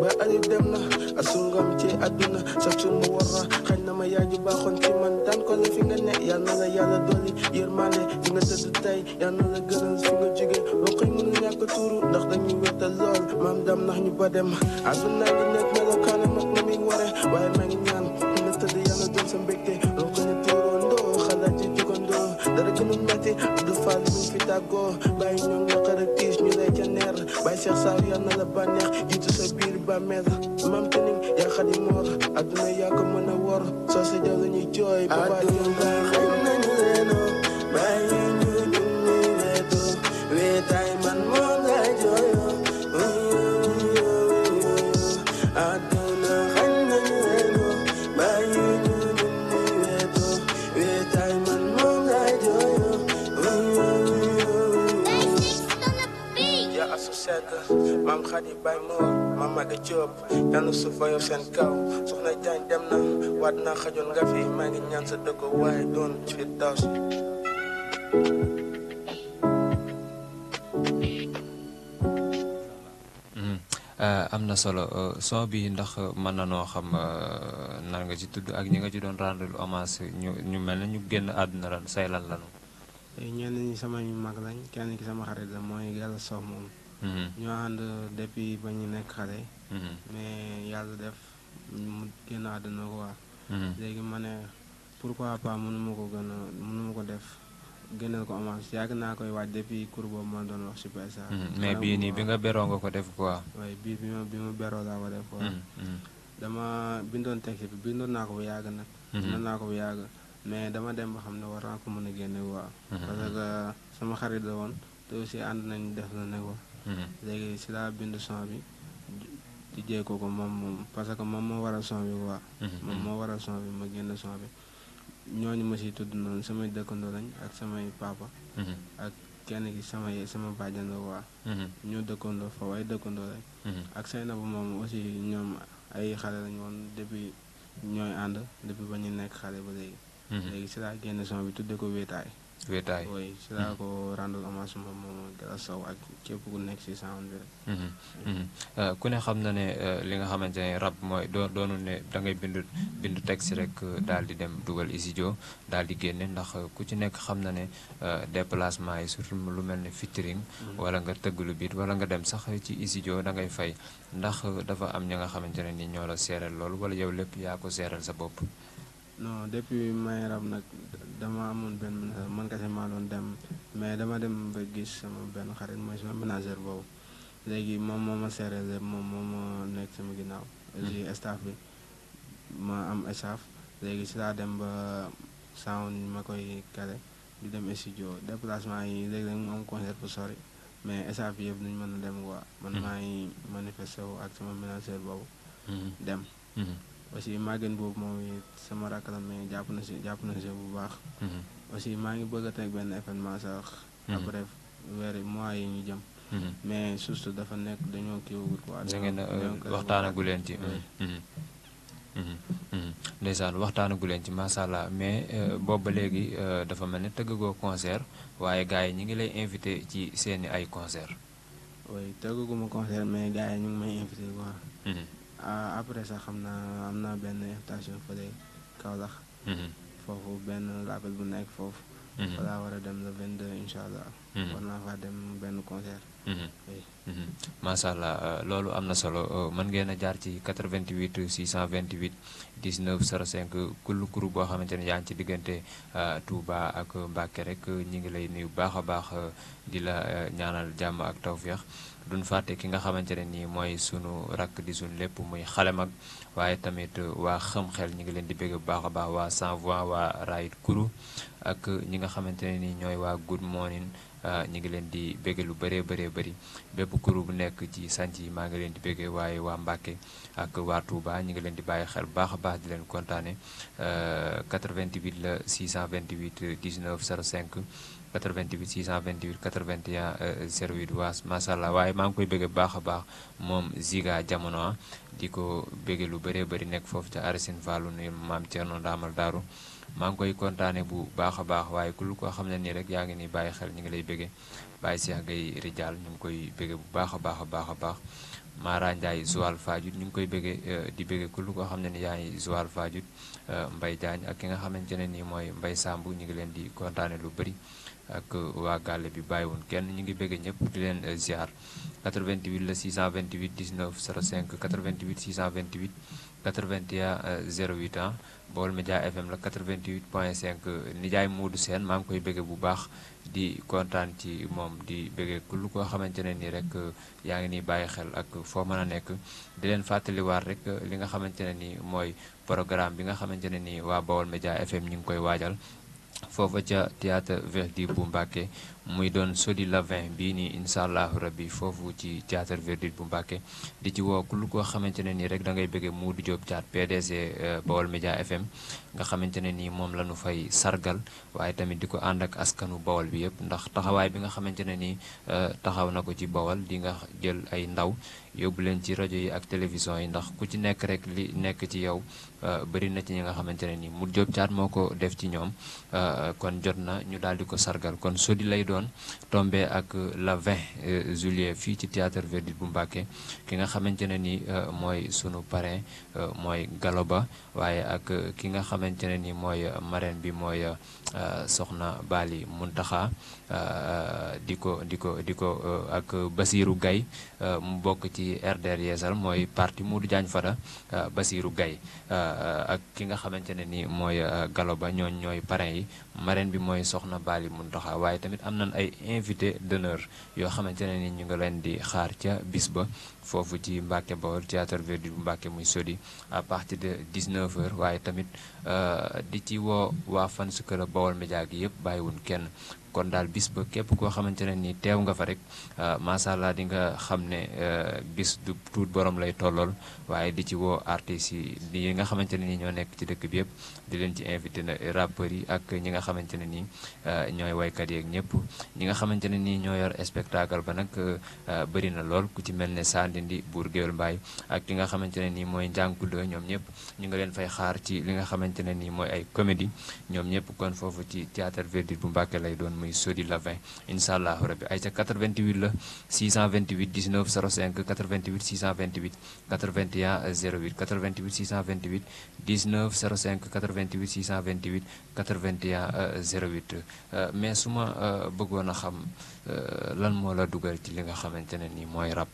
ba ari dem na asungam ci aduna sax suma warra xañ na ma yaaju baaxoon ci man daan ko la fi nga ne yal na la yàlla dolli yërmande fi nga tëdd tey yal na la gënal fi nga jóge ronkoñ mënu ñàkk tuuru ndax dañuy te lool maam dam nax ñu ba dem aduna ngi nekk melokaane mag na muy ware waaye maa ngi ñaan ku ne tëdd yàlla doon sa mbégte loo ko ne tiirondoo xalaat ci jugandoo dara gënul metti du faal mu fi tàggoo bàyyi ñoom ñaqar ak tiis ñu lay ca neer bàyyi seex saar yal na la bànneex jiitu sa biir bàmmeel maam tënim yaa xadi moor aduna yaa ko mën a wor soo sa jaw la ñuy jooy ba bàyyi ma maga Jóob yal na maa ngi ñaan sa dëkk waaye doon mm-hmm. uh, am na solo uh, son bi ndax mën na noo xam uh, nan nga ci tudd ak ñi nga ci doon rendre lu hommage ñu ñu mel ne ñu génn àdduna lan say lan lanu ñenn ñi sama ñu mag lañ kenn ki sama xarit mooy yàlla sox moom Mm-hmm. ñoo ànd depuis ba ñu nekk xale. Mm-hmm. mais yàlla def mu génn àdduna quoi. Mm-hmm. léegi ma ne pourquoi pas mënuma ko gën a mënuma ko def génneel ko avance yàgg naa koy waaj depuis cours boobu ma doon wax super saa. mais bii nii bi nga beroo nga ko def quoi. waaye bii bi bi ma beroo laa ko def dama bindoon texte bi bindoon naa ko bu yàgg nag. bindoon naa ko bu yàgg mais dama dem ba xam ne war naa ko mën a génne quoi. parce que sama xarit la woon te aussi ànd nañ def la ne quoi. Mm-hmm. léegi si laa bind son bi di ko ko moom moom parce que moom moo waral son bi quoi. Mm-hmm. moom moo waral son bi ma génn son bi ñooñu ma si tudd noonu samay dëkkandoo lañ ak samay papa. Mm-hmm. ak kenn ki sama sama bàjjan la quoi. ñoo dëkkandoo fa waaye dëkkandoo lañ. ak na bu moom aussi ñoom ay xale lañ woon depuis ñooy ànd depuis ba ñu nekk xale ba léegi. léegi si laa génn son bi tuddee ko wéetaay. wéetaay oui si ko rendre hommage moom ak képp ku nekk mhm, mhm. Euh, ne xam na ne euh, li nga xamante ne rab mooy doo doonul ne da ngay bind bind texte rek euh, daal di dem dugal studio daal di génne ndax ku ci nekk xam na ne déplacement yi surtout lu mel ne featuring mhm. wala nga tëgg lu biit wala nga dem sax ci studio da ngay fay ndax dafa am ñu nga xamante ne ni ñoo la seeral loolu wala yow lépp yaa ko seeral sa bopp. non depuis may rab nag dama amoon benn ménagère man kese maa doon dem mais dama dem ba gis sama benn xarit mooy sama ménagère boobu léegi moom moo ma seere moom moo ma nekk sama ginnaaw. si hmm. bi ma am staff léegi si laa dem ba sound ma koy kale di dem studio déplacement yi léegi nag mu am concert sori mais staff bi yëpp duñ mën a dem quoi. man hmm. maay manifester wu ak sama ménagère boobu. Hmm. dem. aussi màggeen boobu moom sama rakk la mais jàpp na si jàpp na si bu baax. Mhm. aussi maa ngi bëgg a teg benn événement sax. Mhm. après weer mois yi ñu jëm. Mhm. mais surtout dafa nekk dañoo kiiwagul quoi. da ngeen a euh, waxtaanagu leen ci. ndeysaan waxtaanagu leen ci macha allah mais euh, boobu ba léegi euh, dafa mel ne tëggagoo concert waaye gars yi ñu ngi lay invité ci seeni ay concert oui tëggaguma concert mais gars yi ñu ngi may invité quoi. Ah, après sax xam naa am na benn invitation fële Kaolack. Mhm. foofu benn label bu nekk foofu. Mhm. fa laa war a dem le 22 incha allah. Mhm. war naa faa dem benn concert. macha allah euh, loolu am na solo euh, mën ngeen a jaar ci vingt 88 628 19 05 kullu groupe boo xamante ne yaa ngi ci diggante euh, Touba ak mbaake rek ñi ngi lay nuyu bu baax a baax di la ñaanal jàmm ak tawféex. duñ fàtte ki nga xamante ne nii mooy sunu rakk di sunu lépp muy xale mag waaye tamit waa xam xel ñi ngi leen di bégg bu baax a baax waa sans voix waa raayit kuru ak ñi nga xamante ne nii ñooy waa good morning Ah, ñu ngi leen di béggee lu bëree bëree bëri bépp kuréel bu nekk ci sanc yi maa ngi leen di béggee waaye waa Mbàkke ak waa Touba ñu ngi leen di bàyyi xel baax a baax di leen kontaane 88 ah, la vingt 628 19 05 88 628 81 08 waa macha allah waaye maa ngi koy bëggee baax a baax moom Ziga jamono ah, di ko bëggee lu bëree bëri nekk foofu ca Aracine Fallou nu maam Thierno Ndamal Daaru maa ngi koy kontaane bu baax a baax waaye ku koo xam na nii rek yaa ngi ni bàyyi xel ñu ngi lay bëgge bàyyi Cheikh Gueye Rijaal ñu ngi koy bëgge bu baax a baax a baax a baax Mara Ndiaye Joal Fadiouth ñu ngi koy bëgge euh, di bëgge ku koo xam ne ni yaa ngi Joal Fadiouth euh, mbay Diagne ak ki nga xamante ne nii mooy mbay Samb ñu ngi leen di kontaane lu bëri ak waa gàlle bi bàyyi bàyyiwun kenn ñu ngi bëgge ñëpp di leen euh, ziar 88 la 628 19 05 88 628 81 08 ans Baol Média FM la 88 point 5 nijaay Modou Sène maa ngi koy bëgge bu baax di kontaan ci moom di bëgge lu koo xamante ne nii rek yaa ngi nii bàyyi xel ak foo mën a nekk di leen fàttaliwaat rek li nga xamante ne nii mooy programme bi nga xamante ne nii waa Baol Média FM ñu ngi koy waajal foofa ca théâtre Verdi bu Mbàkke muy doon sodi la 20 bii nii incha allahu rabbi foofu ci théâtre verdure bu Mbàkke di ci woo lu koo xamante ne nii rek da ngay bëggee Modou Diop Thiat PDG euh, Baol Média FM nga xamante ne nii moom la ñu fay sargal waaye tamit di ko ànd ak askanu Baol bi yëpp ndax taxawaay bi nga xamante ne nii euh, taxaw na ko ci Baol di nga jël ay ndaw yóbbu leen ci rajo yi ak télévision yi ndax ku ci nekk rek li nekk ci yow Euh, bëri na ci ñi nga xamante ne nii mu Diop Thiat moo ko def ci ñoom euh, kon jot na ñu daal di ko sargal kon sodi lay doon tombé ak la 20 euh, juillet fii ci théâtre Verdure bu Mbacké ki nga xamante ne nii mooy sunu parrain mooy Galoba waaye ak ki nga xamante ne ni mooy marraine bi mooy euh, soxna Bali Muntaxa euh, di ko di ko di ko euh, ak Basirou Gaye mu bokk ci RDR Yeesal mooy parti Modou Diagne Fada Basirou Gaye ak ki nga xamante ne ni mooy Galo Ba ñooñ ñooy parrain yi marraine bi mooy soxna Bali Muntaxa waaye tamit am nañ ay invité d'honneur yoo xamante ne ni ñu nga leen di xaar ca bis ba foofu ci Mbacke Bawol théâtre Verdi bu Mbacke muy sodi à partir de 19h waaye tamit euh, di ci woo waa fan su kër Bawol média gi yëpp bàyyiwun kenn kon daal bis ba képp koo xamante ne nii teew nga fa rek euh, macha allah di nga xam ne euh, bis du tuut borom lay tollool waaye di ci woo artistes yi yi nga xamante ne nii ñoo nekk ci dëkk bi yëpp di leen ci invité na rappeurs yi ak ñi nga xamante ne nii euh, ñooy waykat yeeg ñëpp ñi nga xamante ne nii ñoo yor spectacle ba nag euh, bëri na lool ku ci mel ne Sandindi Buur Géwél Mbaay ak ki nga xamante ne nii mooy njànkudo ñoom ñëpp ñu nga leen fay xaar ci li nga xamante ne nii mooy ay comédie ñoom ñëpp kon foofu ci théâtre Verdure bu Mbàkke lay doon muy sodi la 20 incha allahu rabbi ay ca 88 la 628 19 05 88 628 81 08 88 628 vingt vingt 628 628 81 08 mais su ma euh, bëggoon a xam euh, lan moo la dugal ci li nga xamante ne nii mooy rab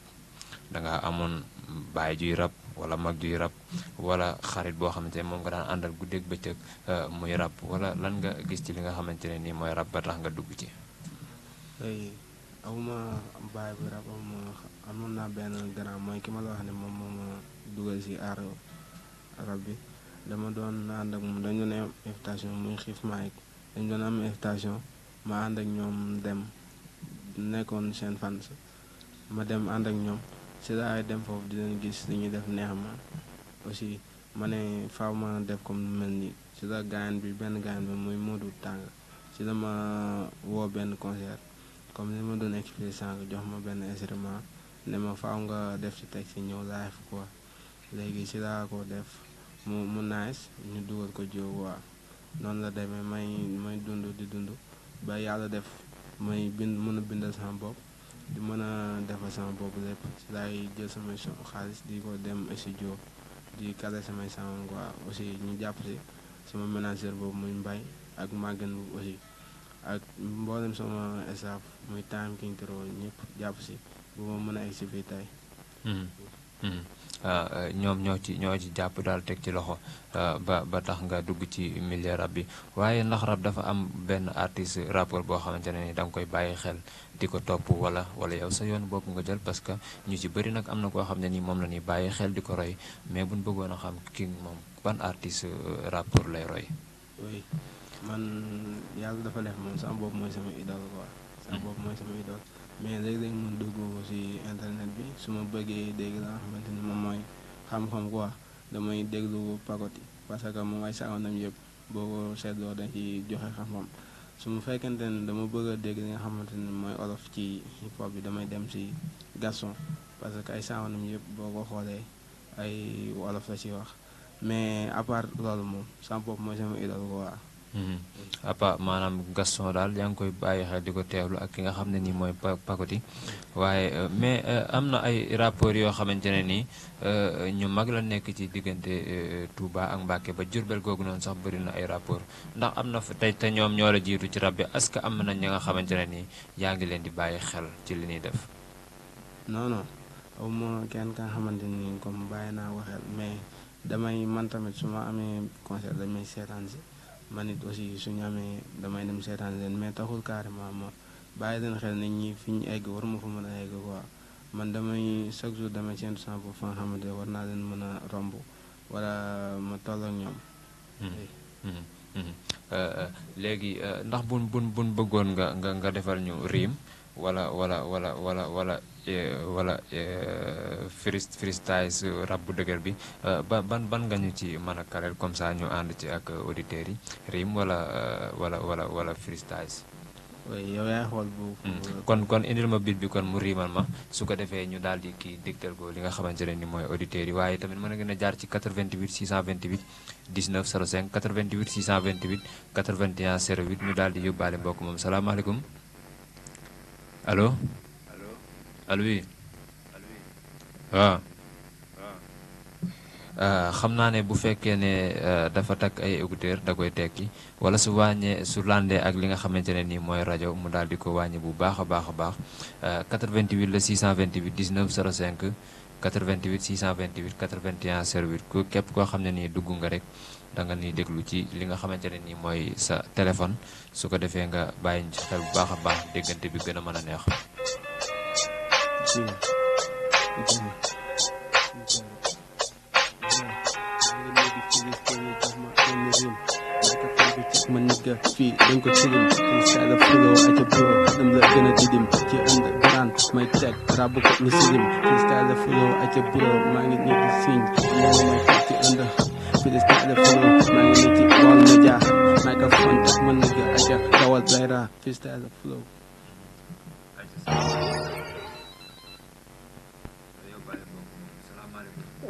danga amoon baay juy rab wala mag juy rab wala xarit boo xamante ne moom nga daan àndal guddeeg bëccëg euh, muy rab wala lan nga gis ci li nga xamante ne nii mooy rab ba tax nga dugg ci. amuma baay bu rab amuma amoon naa benn grand mooy ki ma la wax ne moom moom dugal si aar bi. dama doon ànd ak moom dañu doon am invitation muy am invitation ma ànd ak ñoom dem nekkoon seen fans ma dem ànd ak ñoom si laay dem foofu di leen gis li ñuy def neex ma aussi ma ne faw ma def ko mel nii ci la gaayan bi benn gaayan bi muy Modou Tàng ci la ma woo benn concert comme li ma doon expliqué jox ma benn instrument ne ma faaw nga def ci teg si ñëw live quoi léegi ci laa ko def mu mu nice ñu dugal ko jiw waa noonu la deme may may dund di dund ba yàlla def may bind mën a bindal sama bopp di mën a defal sama bopp lépp si lay jël samay xaalis di ko dem studio di kale samay sama quoi aussi ñu jàpp si sama manager boobu muy mbay ak màgget bu aussi ak mboolem sama staff muy time King Turo ñëpp jàpp si bu ma mën a egg si fii Euh, ñoom ñoo ci ñoo ci jàpp daal teg ci loxo euh, ba ba tax nga dugg ci milieu rap bi waaye ndax rap dafa am benn artiste rappeur boo xamante ne ni da nga koy bàyyi xel di ko topp wala wala yow sa yoon bopp nga jël parce que ñu ci bëri nag am na koo xam ne nii moom la ñuy bàyyi xel di ko roy mais bu buñ bëggoon a xam ki moom ban artiste euh, rappeur lay roy. man yàlla dafa neex moom sama bopp mooy sama idole quoi. sama bopp mooy sama idole. mais léeg-léeg ma dugg ci internet bi su ma bëggee dégg la nga xamante ni moom mooy xam-xam quoi damay déglu pagoti parce que moom ay saanam yëpp boo ko seetloo dañ ci joxe xam-xam su ma fekkente ne dama bëgg a dégg li nga xamante ni mooy olof ci hip hop bi damay dem ci Gaston parce que ay saanam yëpp boo ko xoolee ay olof la ci wax mais à part loolu moom sama bopp mooy sama idole quoi. Mm-hmm. apa maanaam Gaston daal yaa ngi koy bàyyi xel di ko teewlu ak ki nga xam ne nii mooy Pakoti waaye euh, mais euh, am na ay rapport yoo xamante ne nii euh, ñu mag la nekk ci diggante Touba ak Mbacke ba Jurbel googu noonu sax bëri na ay rapport ndax am na fa tey te ñoom ñoo la jiitu ci rab bi est que am na ñi nga xamante ne nii yaa ngi leen di bàyyi xel ci li ñuy def. non non aw ma kenn ka xamante ni comme bàyyi naa ko xel mais damay man tamit su ma amee concert damay seetaan man it aussi suñu amee damay dem seetaan leen mais taxul carrément ma bàyyi leen xel nit ñi fi ñu egg war ma fa mën a egg quoi man damay chaque jour damay séntu fa pour cent xamante war naa leen mën a romb wala ma toll ñoom. Hmm. Hmm. Hmm. Euh, euh, léegi euh, ndax bun bun bun bëggoon nga nga nga defal ñu riim wala wala wala wala wala. wala euh, euh, free freestyle rap bu dëgër bi euh, ba ban ban nga ñu ci mën a kaleel comme ça ñu ànd ci ak auditeurs yi rime wala wala wala wala freestyle yow yaa xool bu hmm. kon kon indil ma bit bi kon mu riimal ma su ko defee ñu daal di kii dégtal ko li nga xamante ne ni mooy auditeurs yi waaye tamit mën ngeen a jaar ci 88 628 19 05 88 628 81 08 ñu daal di yóbbaale mbokk moom salaamaaleykum allo. à lui waaw ah. ah, xam naa ne bu fekkee ne ah, dafa takk ay écouteur da koy tekki wala su wàññee su landee ak li nga xamante ne nii mooy rajo mu daal di ko wàññi bu baax a baax a baax 88 la 628 19 05 88 628 81 08 ku képp koo xam ne nii dugg nga rek da nga ni déglu ci li nga xamante ne nii mooy sa téléphone su ko defee nga bàyyi ñu ci xel bu baax a baax déggante bi gën a mën a neex. Yeah. Yeah. ma nigga fii dañ ko tilim saaga flow aca buro dam la gën a didim ci ànd graan may teg rabu ni silim fii saaga flow aca buro maa ngi nekk siiñ moo may teg ci ànd fii saaga maa ngi nekk ci wàll media microphone teg ma nigga aca dawal bayra fii saaga flow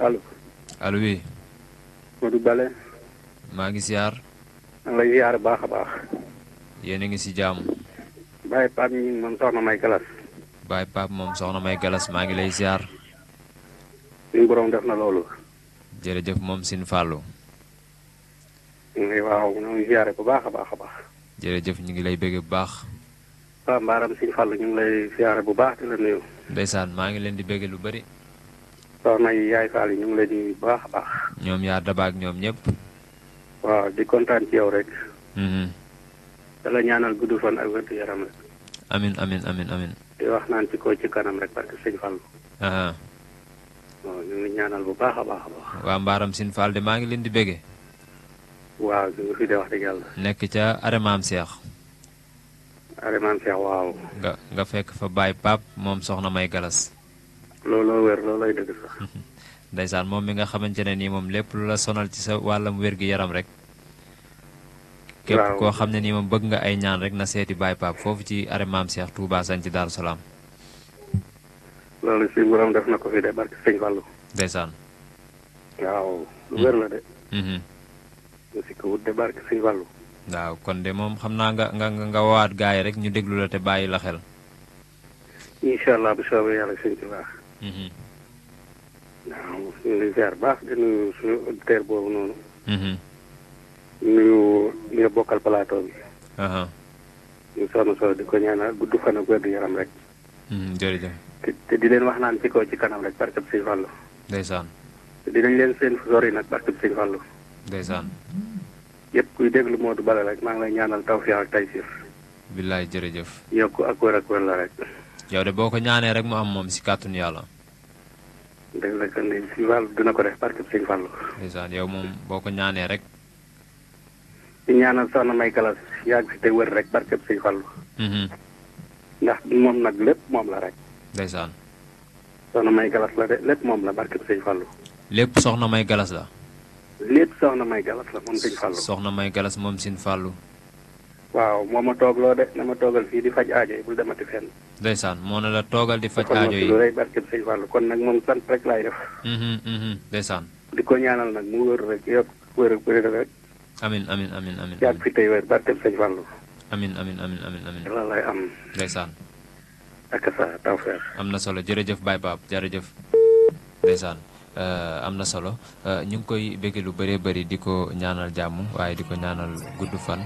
allo. allo oui. Modou Bale. maa ngi siyaar maa ngi lay ziar baax a baax. yéen a ngi si jàmm. Baye Pape ñi moom soxna May Galas. Baye Pape moom soxna May Galas maa ngi lay ziar. suñu borom na loolu. jërëjëf moom sin fàllu. waaw ñoo ngi ziare bu baax ñu ngi lay bëgg bu baax. waaw mbaaram sin fàllu ñu ngi lay ziare bu baax di la nuyu. ndeysaan maa ngi leen di bëgg lu bari soxna yi yaay Fall yi ñu ngi lay nuyu bu baax a baax. ñoom yaa dabaak ñoom ñëpp. waaw di kontaan ci yow rek. Mm-hmm. da la ñaanal gudd fan ak wér yaram rek. amin amin amin amin di wax naan ci kaw ci kanam rek parce que sëñ Fall. Uh-huh. waaw ñu ngi ñaanal bu baax a baax a baax. waa Mbaaram Sine Fall de maa ngi leen di bége. waaw ñu ngi fi de wax dëgg yàlla. nekk ca Aremaam Seex. Aremaam Seex waaw. nga fekk fa Baye Pape moom soxna May Galas. looloo wér looloo dëgg sax. ndeysaan moom mi nga xamante ne nii moom lépp lu la sonal ci sa wàllam wér gi yaram rek. képp koo xam ne nii moom bëgg nga ay ñaan rek na seeti Baye Pape foofu ci arrêt Maam Cheikh sañ ci Daaru Salaam. na ko fi de barke hmm. hmm. waaw kon de moom xam naa nga nga nga waat gaay rek ñu déglu la te bàyyi la xel. incha Mm-hmm. waaw ñu baax di nuyu suñu boobu noonu. Mm-hmm. nuyu ñi nga bokkal plateau bi. ñu sonn solo di ko ñaanal gudd fan ak wér yaram rek. Mm-hmm, jërëjëf. te di leen wax naan ci kaw ci kanam rek barke bi Sëñ Fallu. ndeysaan. te dinañ leen seen sori nag barke bi Sëñ Fallu. ndeysaan. yëpp kuy déglu moo du Bala rek maa ngi lay ñaanal taw fi ak taysiir. billaay jërëjëf. yokk ak wér ak wér la rek. yow de boo ko ñaanee rek mu am moom si kàttanu yàlla. dëgg la kon sëñ Fall dina ko def barke sëñ Fall. ndeysaan yow moom boo ko ñaanee rek. di ñaanal soxna May Galas yàgg fi te wër rek barke sëñ Fall. Mm-hmm. ndax moom nag lépp moom la rek. ndeysaan. soxna May Galas la de lépp moom la barke sëñ Fall. lépp soxna May Galas la. lépp soxna May Galas la moom sëñ Fall. soxna May Galas moom sëñ Fall. waaw moo ma toogloo de na ma toogal fii di faj aajo yi bul demati fenn. ndeysaan moo ne la toogal di faj aajo yi rek barke kon nag moom sant rek laay def mm-hmm, mm-hmm, ndeysaan di ko ñaanal nag mu wër rek yokk wër ak na solo jërëjëf Baye Baab jërëjëf ndeysaan euh, na solo euh, ñu ngi koy bëgg lu bëri di ko ñaanal jàmm waaye di ko ñaanal gudd fan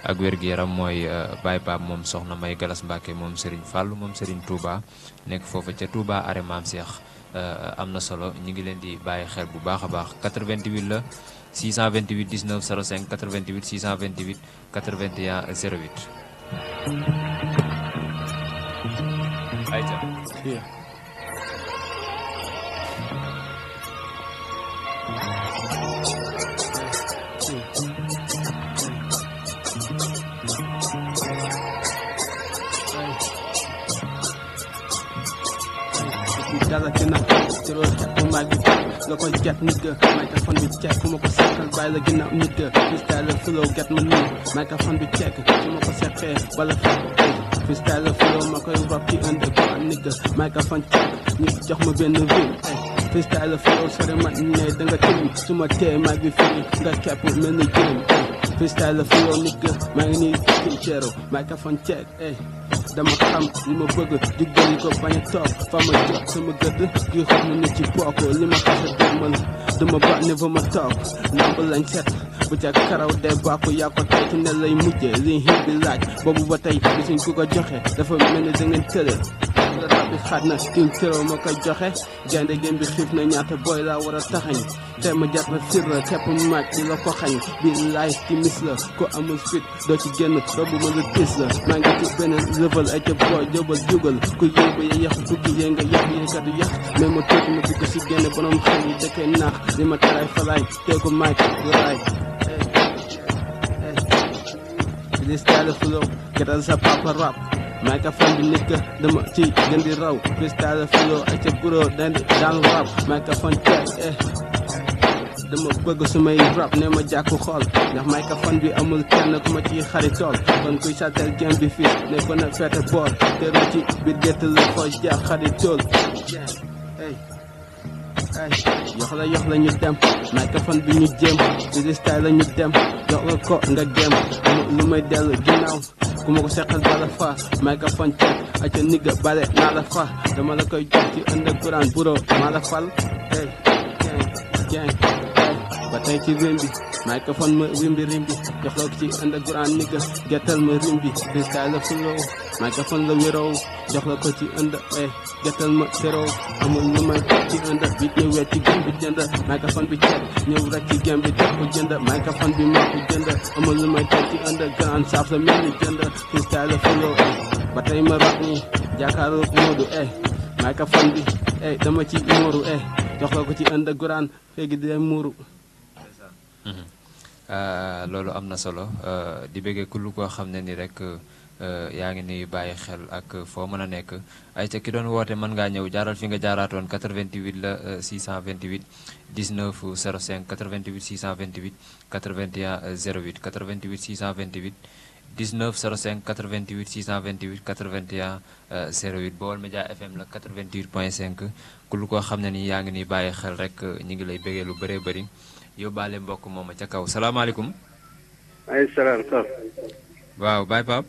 ak wér-gu-yaram mooy euh, Baye Pape moom soxna May Galas Mbacke moom Serigne Fallou moom Serigne Touba nekk foofa ca Touba are maam Cheikh euh, am na solo ñu ngi leen di bàyyi xel bu baax a baax 88 la 628 19 05 88 628 81 08. ayca. yàlla ginnaaw ci loolu ma bi nga koy get nit ga microphone bi cek fu ma ko sekkal bàyyi la ginnaaw nit ga freestyle la flow get ma nii microphone bi cek su ma ko sekkee wala fekk freestyle la flow ma koy rap ci ënd ko am nit ga microphone cek ñu jox ma benn ville freestyle la flow sori ma ne da nga tilim su ma tee mag bi firi nga kepp mel ni jëlim freestyle la flow nit ga maa ngi nii ci ceero microphone cek dama xam li ma bëgg diggali ko bañ a toog fa ma jot sama gëdd gi xool mu ci bokk li ma xasa dégmal dama ba niveau ma toog lamb lañ set bu ca karaw de bàkku yaa ko tey ci ne lay mujje li xiir bi laaj boobu ba tey gisuñ ku ko joxee dafa mel ni da ngeen la rabbi xaaj na stil tëw ma koy joxe gaynde gém bi xiif na ñaata booy laa war a taxañ te ma jar la sir la kepp maaj di la ko xañ bi laay timis la ko amul fit doo ci génn robu ma lu tiis la maa ngi ci beneen level ay ca booy jëbal jugal ku yëngu ya yax duggi yée nga yax yéekat yax mais ma tuuti ma dugg si génne borom xel yi dëkkee naax li ma taraay falaay teeku maaj di laay di style flow ketal sa papa rap maa ka fan bi nekk dama ci gën di raw freestyle flow ak ca guro daan daan rap maa ka fan eh. dama bëgg su may rap ne ma jàkku xool ndax microphone bi amul kenn ku ma ci ciy xaritool kon kuy sàttal game bi fii ne ko na fete boor tëru ci biir gétt la ko jaar xaritool ay yox la yox la ñu dem microphone bi ñu jéem di style la ñu dem jox la ko nga gém lu may dellu ginnaaw ku ma ko seqal bala fa microphone check aca nigga bale naa la fa dama la koy jox ci underground buro maa la fal hey gang ba tey ci réew microphone ma wimbi rimbi jox la ko ci underground nigga gettal ma rimbi freestyle la flow microphone la wérow jox ko ci under eh ma serow amul may ci under bi ñu wet ci bi jënd microphone bi ceeb bi def ko jënd microphone bi maa ko jënd amul ñu may ci underground eh. bi eh, dama ci mooru eh jox la ko ci underground léegi day muuru Euh, loolu am na solo euh, di bëggee kullu koo xam ne ni rek euh, yaa ngi nuy bàyyi xel ak foo mën a nekk ay ca ki doon woote mën ngaa ñëw jaaral fi nga jaaraatoon 88 la 628 19 05 88 628 81 08 88 628 vingt 05 88 628 81 08 Baol Média FM la 88 point 5 kulu koo xam ne nii yaa ngi nuy bàyyi xel rek ñu ngi lay bëggee lu bëree bëri bale mbokk mooma ca kaw salaamaaleykum. maaleykum salaam Sow. waaw Baye Pape.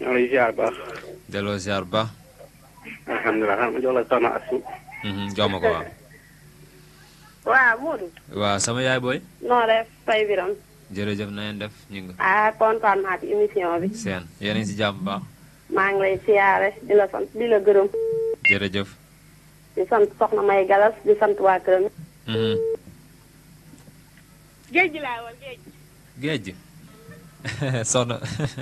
ñoo ngi ziar baax. delloo alhamdulilah xam jox la soxna Asou. Mhm, jox ma ko waaw. waaw sama yaay booy. noo def fay biram. jërëjëf na def ñu ngi. Ah, kontaan naa ci émission bi. seen yéen ngi si jàmm baax. maa ngi lay siyaare di la sant di gërëm. jërëjëf. di sant soxna May Galas di sant géej gi laa sono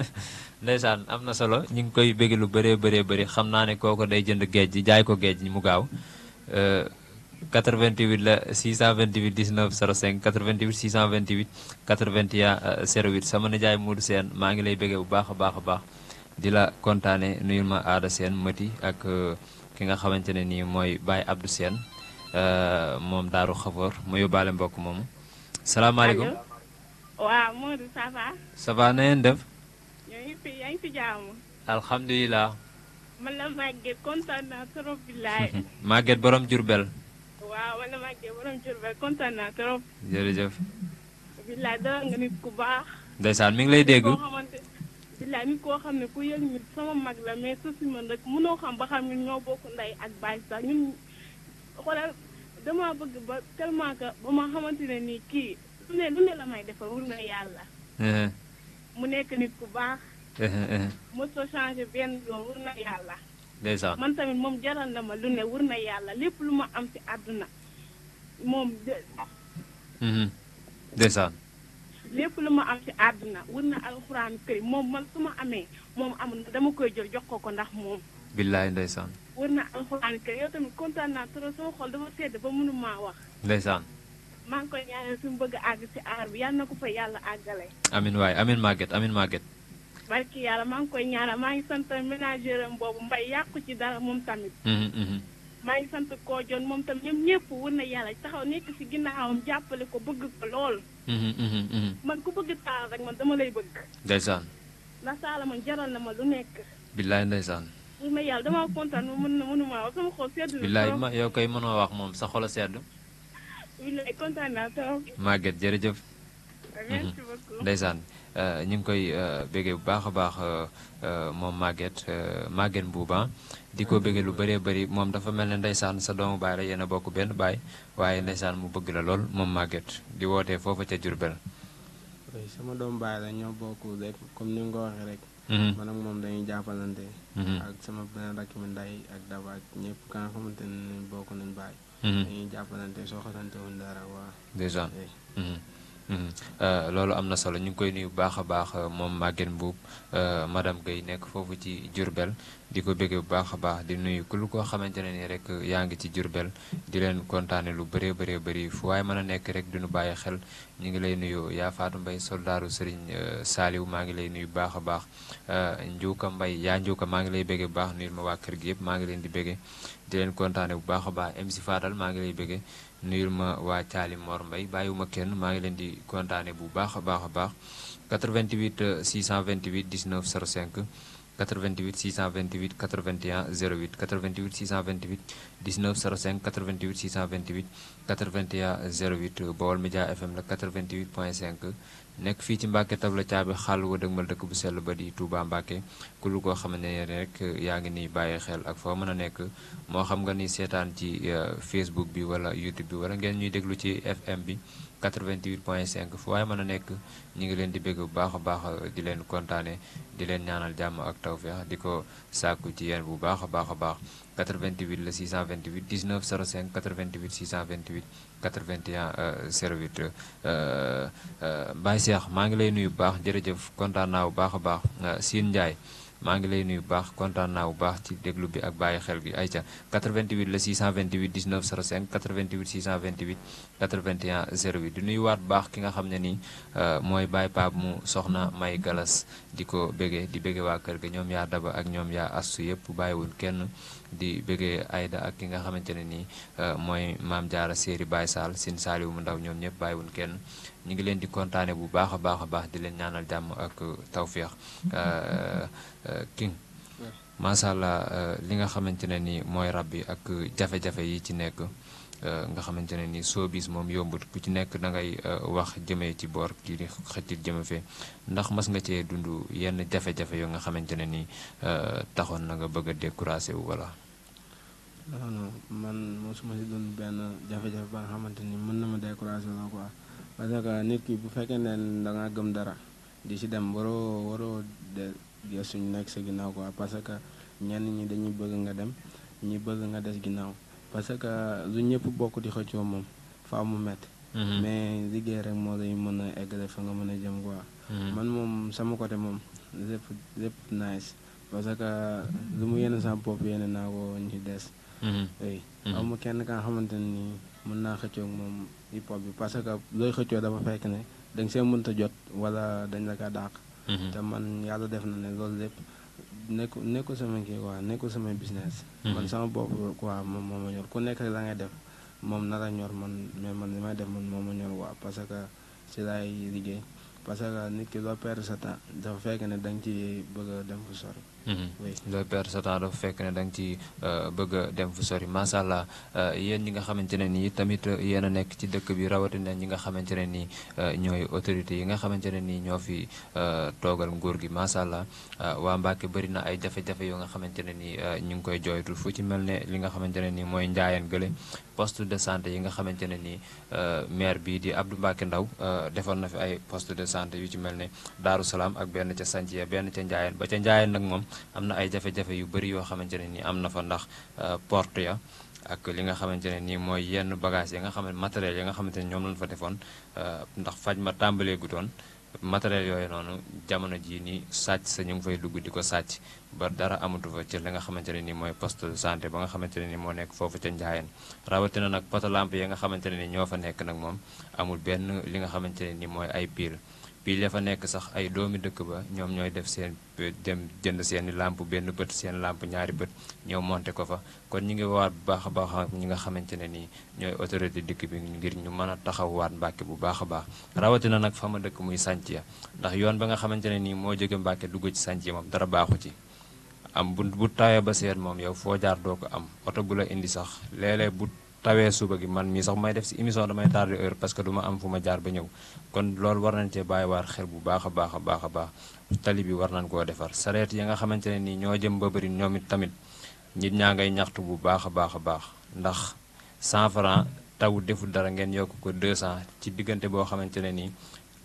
ndeysaan am na solo ñu ngi koy bëgg lu bëree bëree bëri xam naa ne kooku day jënd géej gi jaay ko géej gi mu gaaw 88 euh, la 628 19 05 vingt 628 81 08 sama nijaay Moodu Seen maa ngi lay bëggee bu baax a baax a baax di la kontaane nuyul ma aada seen mëti ak euh, ki nga xamante ne nii mooy Baye Abdou Seen euh, moom daaru xafoor mu yóbbaale mbokk moomu salaamaaleykum allo waaw Modou ça va. ça na ngeen def. ñoo ngi fi yaa ngi si jaamu. kontaan naa trop billaay. Maguette borom Jurbel. waaw man la borom Jurbel kontaan naa trop. jërëjëf. billaay dalal nga nit ku baax. ndeysaan mi ngi lay dégg. billaay nit koo xam ne ku yëg nit sama mag la mais su si man xam ba xam ñun ñoo bokk ndey ak baay sax ñun xoolal damaa bëgg ba tellement que ba ma xamante ne nii kii lu ne lu ne la may defal wur na yàlla. Uh-huh. mu nekk nit ku baax. Uh-huh, uh-huh. mosoo changé benn yoon wur na yàlla. man tamit moom jaral na ma lu ne wur na yàlla lépp lu ma am ci àdduna moom. ndeysaan. lépp lu ma am ci àdduna wur na alxuraan këri moom man su ma amee moom amul dama koy jël jox ko ko ndax moom. billaay ndeysaan. war na alxuraan kër yow tamit kontaan naa trop sama xol dafa sedd ba mënu maa wax. ndeysaan. maa ngi koy ñaanal suñu bëgg àgg si aar bi na ko fa yàlla àggale. amin waay amin màgget amin màgget. barki yàlla maa ngi koy ñaanal maa ngi sant ménagère am boobu mbay yàqu ci dara moom tamit. Mhm, mhm. maa ngi sant koo joon moom tam ñoom ñëpp wër na yàlla taxaw nekk si ginnaawam jàppale ko bëgg ko lool. Mhm, man ku bëgg taal rek man dama lay bëgg. ndeysaan. ndax taal man jaral na ma lu nekk. billaay ndeysaan. ma yàlla ma mën na mënoo wax moom sa xol sedd. màgget kontaan naa trop. Mhm. ndeysaan euh, ñu ngi koy euh, béggee bu baax a baax euh, moom màgget Maguette Mbouba di ko béggee lu bëree bari moom dafa mel ne ndeysaan sa doomu baay la yéen a bokk benn baay waaye ndeysaan mu bëgg la lool moom màgget di wootee foofu ca Diourbel. sama doomu baay la ñoo bokk ni nga rek. Mm-hmm. man ak moom dañuy jàppalante. Mm-hmm. ak sama benn rakk mi nday ak daba ak ñëpp ka nga xamante ne bokk nañu baay. Mm-hmm. dañuy jàppalante soo xasante wuñ dara waa. déjà. Eh. Euh, loolu am na solo ñu ngi koy nuy bu baax a baax euh, moom Maguette Mboup euh, madame Guèye nekk foofu ci Diourbel di ko bëggee bu baax a baax di nuyu ku koo xamante ne nii rek yaa ngi ci Jurbel di leen kontaane lu bëree bëree bëri fu waaye mën a nekk rek duñu bàyyi xel ñu ngi lay nuyu yaa Faatu Mbay soldaaru Sëriñ euh, Saaliw maa ngi lay nuyu baax a baax euh, Njuuka Mbay yaa Njuuka maa ngi lay bëggee bu baax nuyul ma waa kër gi yëpp maa ngi leen di bëggee di leen kontaane bu baax a baax MC faatal maa ngi lay bëggee nuyu ma waa Caali Mor Mbay bàyyiwuma kenn maa ngi leen di kontaane bu baax a baax a baax 88 628 19 05 88 628 81 08 88 628 19 05 88 628 81 08 Baol Média FM la 88.5 nekk fii ci Mbacke tabla caabi xàll wa ma dëkk bu sell ba di Touba Mbacke ku lu koo xam ne rek yaa ngi ni bàyyi xel ak foo mën a nekk moo xam nga ni seetaan ci euh, Facebook bi wala YouTube bi wala ngeen ñuy déglu ci FM bi 88 point 5 fu waaye mën a nekk ñu ngi leen di bëgg bu baax a baax di leen kontaane di leen ñaanal jàmm ak tawféex di ko sàkku ci yéen bu baax a baax a baax 88 la 628 19 05 88 628 81 08 Baye Cheikh maa ngi lay nuyu bu baax jërëjëf kontaan naa bu baax a baax euh, Sine Ndiaye. maa ngi lay nuyu baax kontaan naa bu baax ci déglu bi ak bàyyi xel bi ayca 88 la 628 19 05 88 628 81 08 di nuyu waat bu baax ki nga xam ne nii euh, mooy baay Pape mu soxna May Galas di ko bége di bége waa kër gi ñoom yaa daba ak ñoom yaa astu yëpp bàyyiwul kenn di bëggee ayda ak ki nga xamante ne nii euh, mooy Maam Jaara Séeri Baye Sall Sine Saliou mu ndaw ñoom ñëpp bàyyiwun kenn ñu ngi leen di kontaane bu baax a baax a baax di leen ñaanal jàmm ak tawféex mm-hmm. euh, euh, king macha allah euh, li nga xamante ne ni mooy rab bi ak jafe-jafe yi ci nekk nga xamante ne ni soobis moom yombut ku ci nekk da ngay wax jëmee ci boor kii di xëccit jëme fee ndax mas nga cee dund yenn jafe-jafe yoo nga xamante ne ni taxoon na nga bëgg a découragé wu wala. Ah, non man mosuma si dund benn jafe-jafe ba nga xamante ni mën na ma découragé wala quoi. parce que nit ki bu fekkee neen dangaa gëm dara di si dem waroo waroo de gestu ñu nekk sa ginnaaw quoi parce que ñenn ñi dañuy bëgg nga dem ñi bëgg nga des ginnaaw parce que lu ñëpp bokk di xëccoo moom fa mu métti. Mhm. mais liggéey rek moo lay mën a eggale fa nga mën a jëm quoi. Mhm. man moom sama côté moom lépp lépp nice parce que lu mu yenn sama bopp yenn naa ko ñu des. Mhm. amu kenn ka nga xamante ni naa xëccoog moom. hip hop bi parce que looy xëccoo dafa fekk ne dañ see mënta jot wala dañ la ka dàq. Mhm. te man yàlla def na ne loolu lépp nekku nekku sama kii waa nekku sama business. Mhm. man sama bopp quoi moom moo ñor ku nekk la ngay def moom nar a ñor man mais man li may def man moom ma ñor waa parce que ci laay liggéey parce que nit ki loo perdre sa temps dafa fekk ne da nga ci bëgg dem fu sori. Mm-hmm. looy perdre sa temps dafa fekk ne da nga ci euh, bëgg dem fu sori macha allah euh, yéen ñi nga xamante ne nii tamit euh, yéen a nekk ci dëkk bi rawatina ñi nga xamante ne nii ñooy autorités yi nga xamante ne nii ñoo fi toogal nguur gi macha allah waa Mbacke bëri na ay jafe yoo nga xamante ne nii ñu ngi koy jooytu fu ci mel ne li nga xamante ne nii mooy njaayeen gële poste de santé yi nga xamante ne nii maire bii di Abdou Mbacke Ndaw defoon na fi ay poste de santé yu ci mel ne Daaru Salaam ak benn ca Santhie benn ca Njaayeen ba ca Njaayeen nag moom am na ay jafe-jafe yu bëri yoo xamante ne ni am na fa ndax euh, porte ya ak li nga xamante ne nii mooy yenn bagage yi nga xam ne matériels yi nga xamante ne ñoom lañ fa defoon euh, ndax faj ma tàmbalee gutoon matériel yooyu noonu jamono jii nii sàcc sa ñu ngi fay dugg di ko sàcc ba dara amatu fa li nga xamante ne nii mooy poste de santé ba nga xamante ne nii moo nekk foofu ca Njaayeen rawatina nag poto lampe yi nga xamante ne nii ñoo fa nekk nag moom amul benn li nga xamante ne nii mooy ay piil pile ya fa nekk sax ay doomi dëkk ba ñoom ñooy def seen dem jënd seeni làmp benn bët seen làmp ñaari bët ñëw monte ko fa kon ñu ngi waat bu baax a baax ak ñi nga xamante ne nii ñooy autorité dikk bi ngir ñu mën a taxaw waat Mbàkke bu baax a baax rawatina nag fa ma dëkk muy sànc ya ndax yoon ba nga xamante ne nii moo jóge Mbàkke dugg ci sànc ya moom dara baaxu ci am bu bu tawee ba seet moom yow foo jaar doo ko am oto bu la indi sax léeg-léeg tawee suba gi man mii sax may def si émission damay tardé heure parce que du ma am fuma jaar ba ñëw kon loolu war nañ cee bàyyiwaat xel bu baax a baax a baax tali bi war nañ koo defar sareet yi nga xamante ne nii ñoo jëm ba bëri ñoom it tamit nit ñaa ngay ñaxtu bu baax a baax a baax ndax 100 francs taw deful dara ngeen yokk ko 200 ci diggante boo xamante ne nii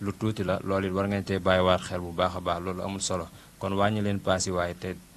lu tuuti la loolu it war ngeen bàyyiwaat xel bu baax a baax loolu amul solo kon wàññi leen paas waaye te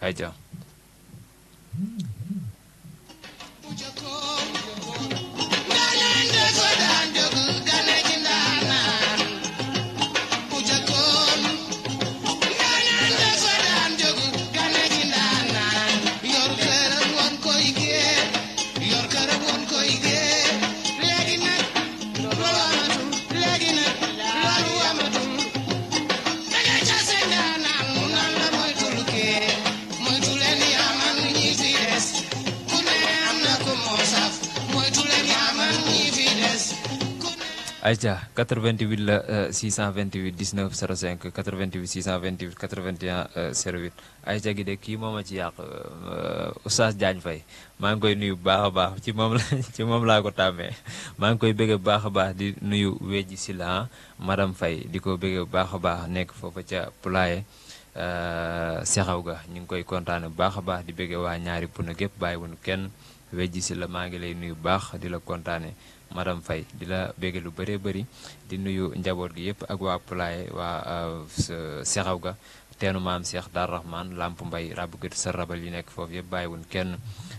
Айдем. Aïcha 88 la 628 19 05 88 628 81 08 Aïcha gi de kii moom a ci yàq euh, Oustaz Diagne fay maa ngi koy nuyu bu baax a baax ci moom ci moom laa ko tàmmee maa ngi koy bëgg bu baax a baax di nuyu wejji si la madame fay di ko bëgg bu baax a baax nekk foofa ca Poulaye euh, Sexaw ga ñu ngi koy kontaane bu baax a baax di bëgg waa ñaari puna gépp bàyyi wuñu kenn wejji si la maa ngi lay nuyu bu baax di la kontaane madame fay di la bégg lu bëree bëri di nuyu njaboot gi yëpp ak waa Poulaye waa euh, Sexaw ga teenu ma maam Cheikh Dar Rahman Lamp Mbay rabu gët sa rabal yi nekk foofu yëpp bàyyiwun kenn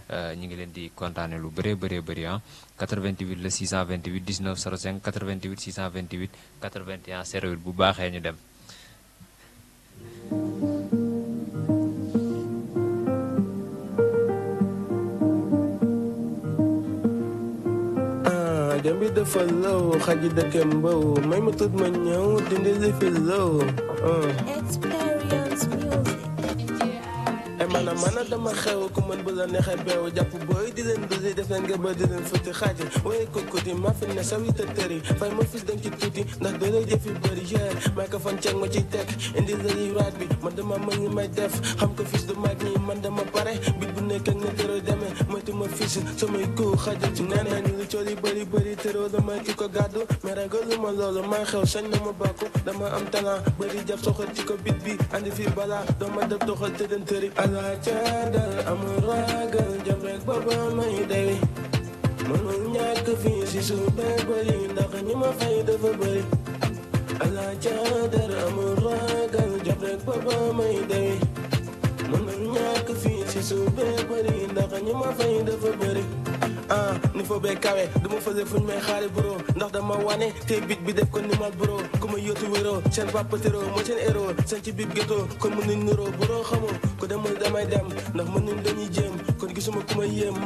euh, ñu ngi leen di kontaane lu bëree bëree bëri ah 88 la 628 19 05 88 628 81 08 bu baaxee ñu dem jëm bi dafa low xaji dëkke may ma tuut ma ñëw dindi man a man a dama xew ku mën bu la neexee beew jàpp booy di leen busi def leen nga ba di leen futti xaaji waaye kokkuti maa fi ne sawi ta tëri fay ma fis danga ci tuuti ndax dara jëf yu ma ciy teg indi lañuy raat bi man dama mën ñi may def xam ko fis du mag ñi man dama pare bi bu nekk ak na tëroo demee moytu ma fis samay koo xajal ci nee lu cool yi bëri bëri tëroo dama ki ko gàddu mais ragalu ma loolu maa xew sañ na ma dama am talent bëri jaf soxal ci ko bit bi laa caadal amul ragal jëm rek ba ba may dewi a ñàkk fii si suuf day bëri ndax ñi ma fay dafa bëri laa caadal amul ragal jëm rek ba ba may dewi mënul ñàkk fii ndax ñi ma fay dafa bëri ah niveau bee kawe dama fëse fuñ may xaari bro ndax dama wane tey bit bi def ko ni mal bro ku ma yóotu wéroo seen papatéroo moo seen héros seen ci biir ghetto kon mënuñ niroo bro xamoo ko demul damay dem ndax mënuñ dañuy jéem kon gisuma ku ma yéem a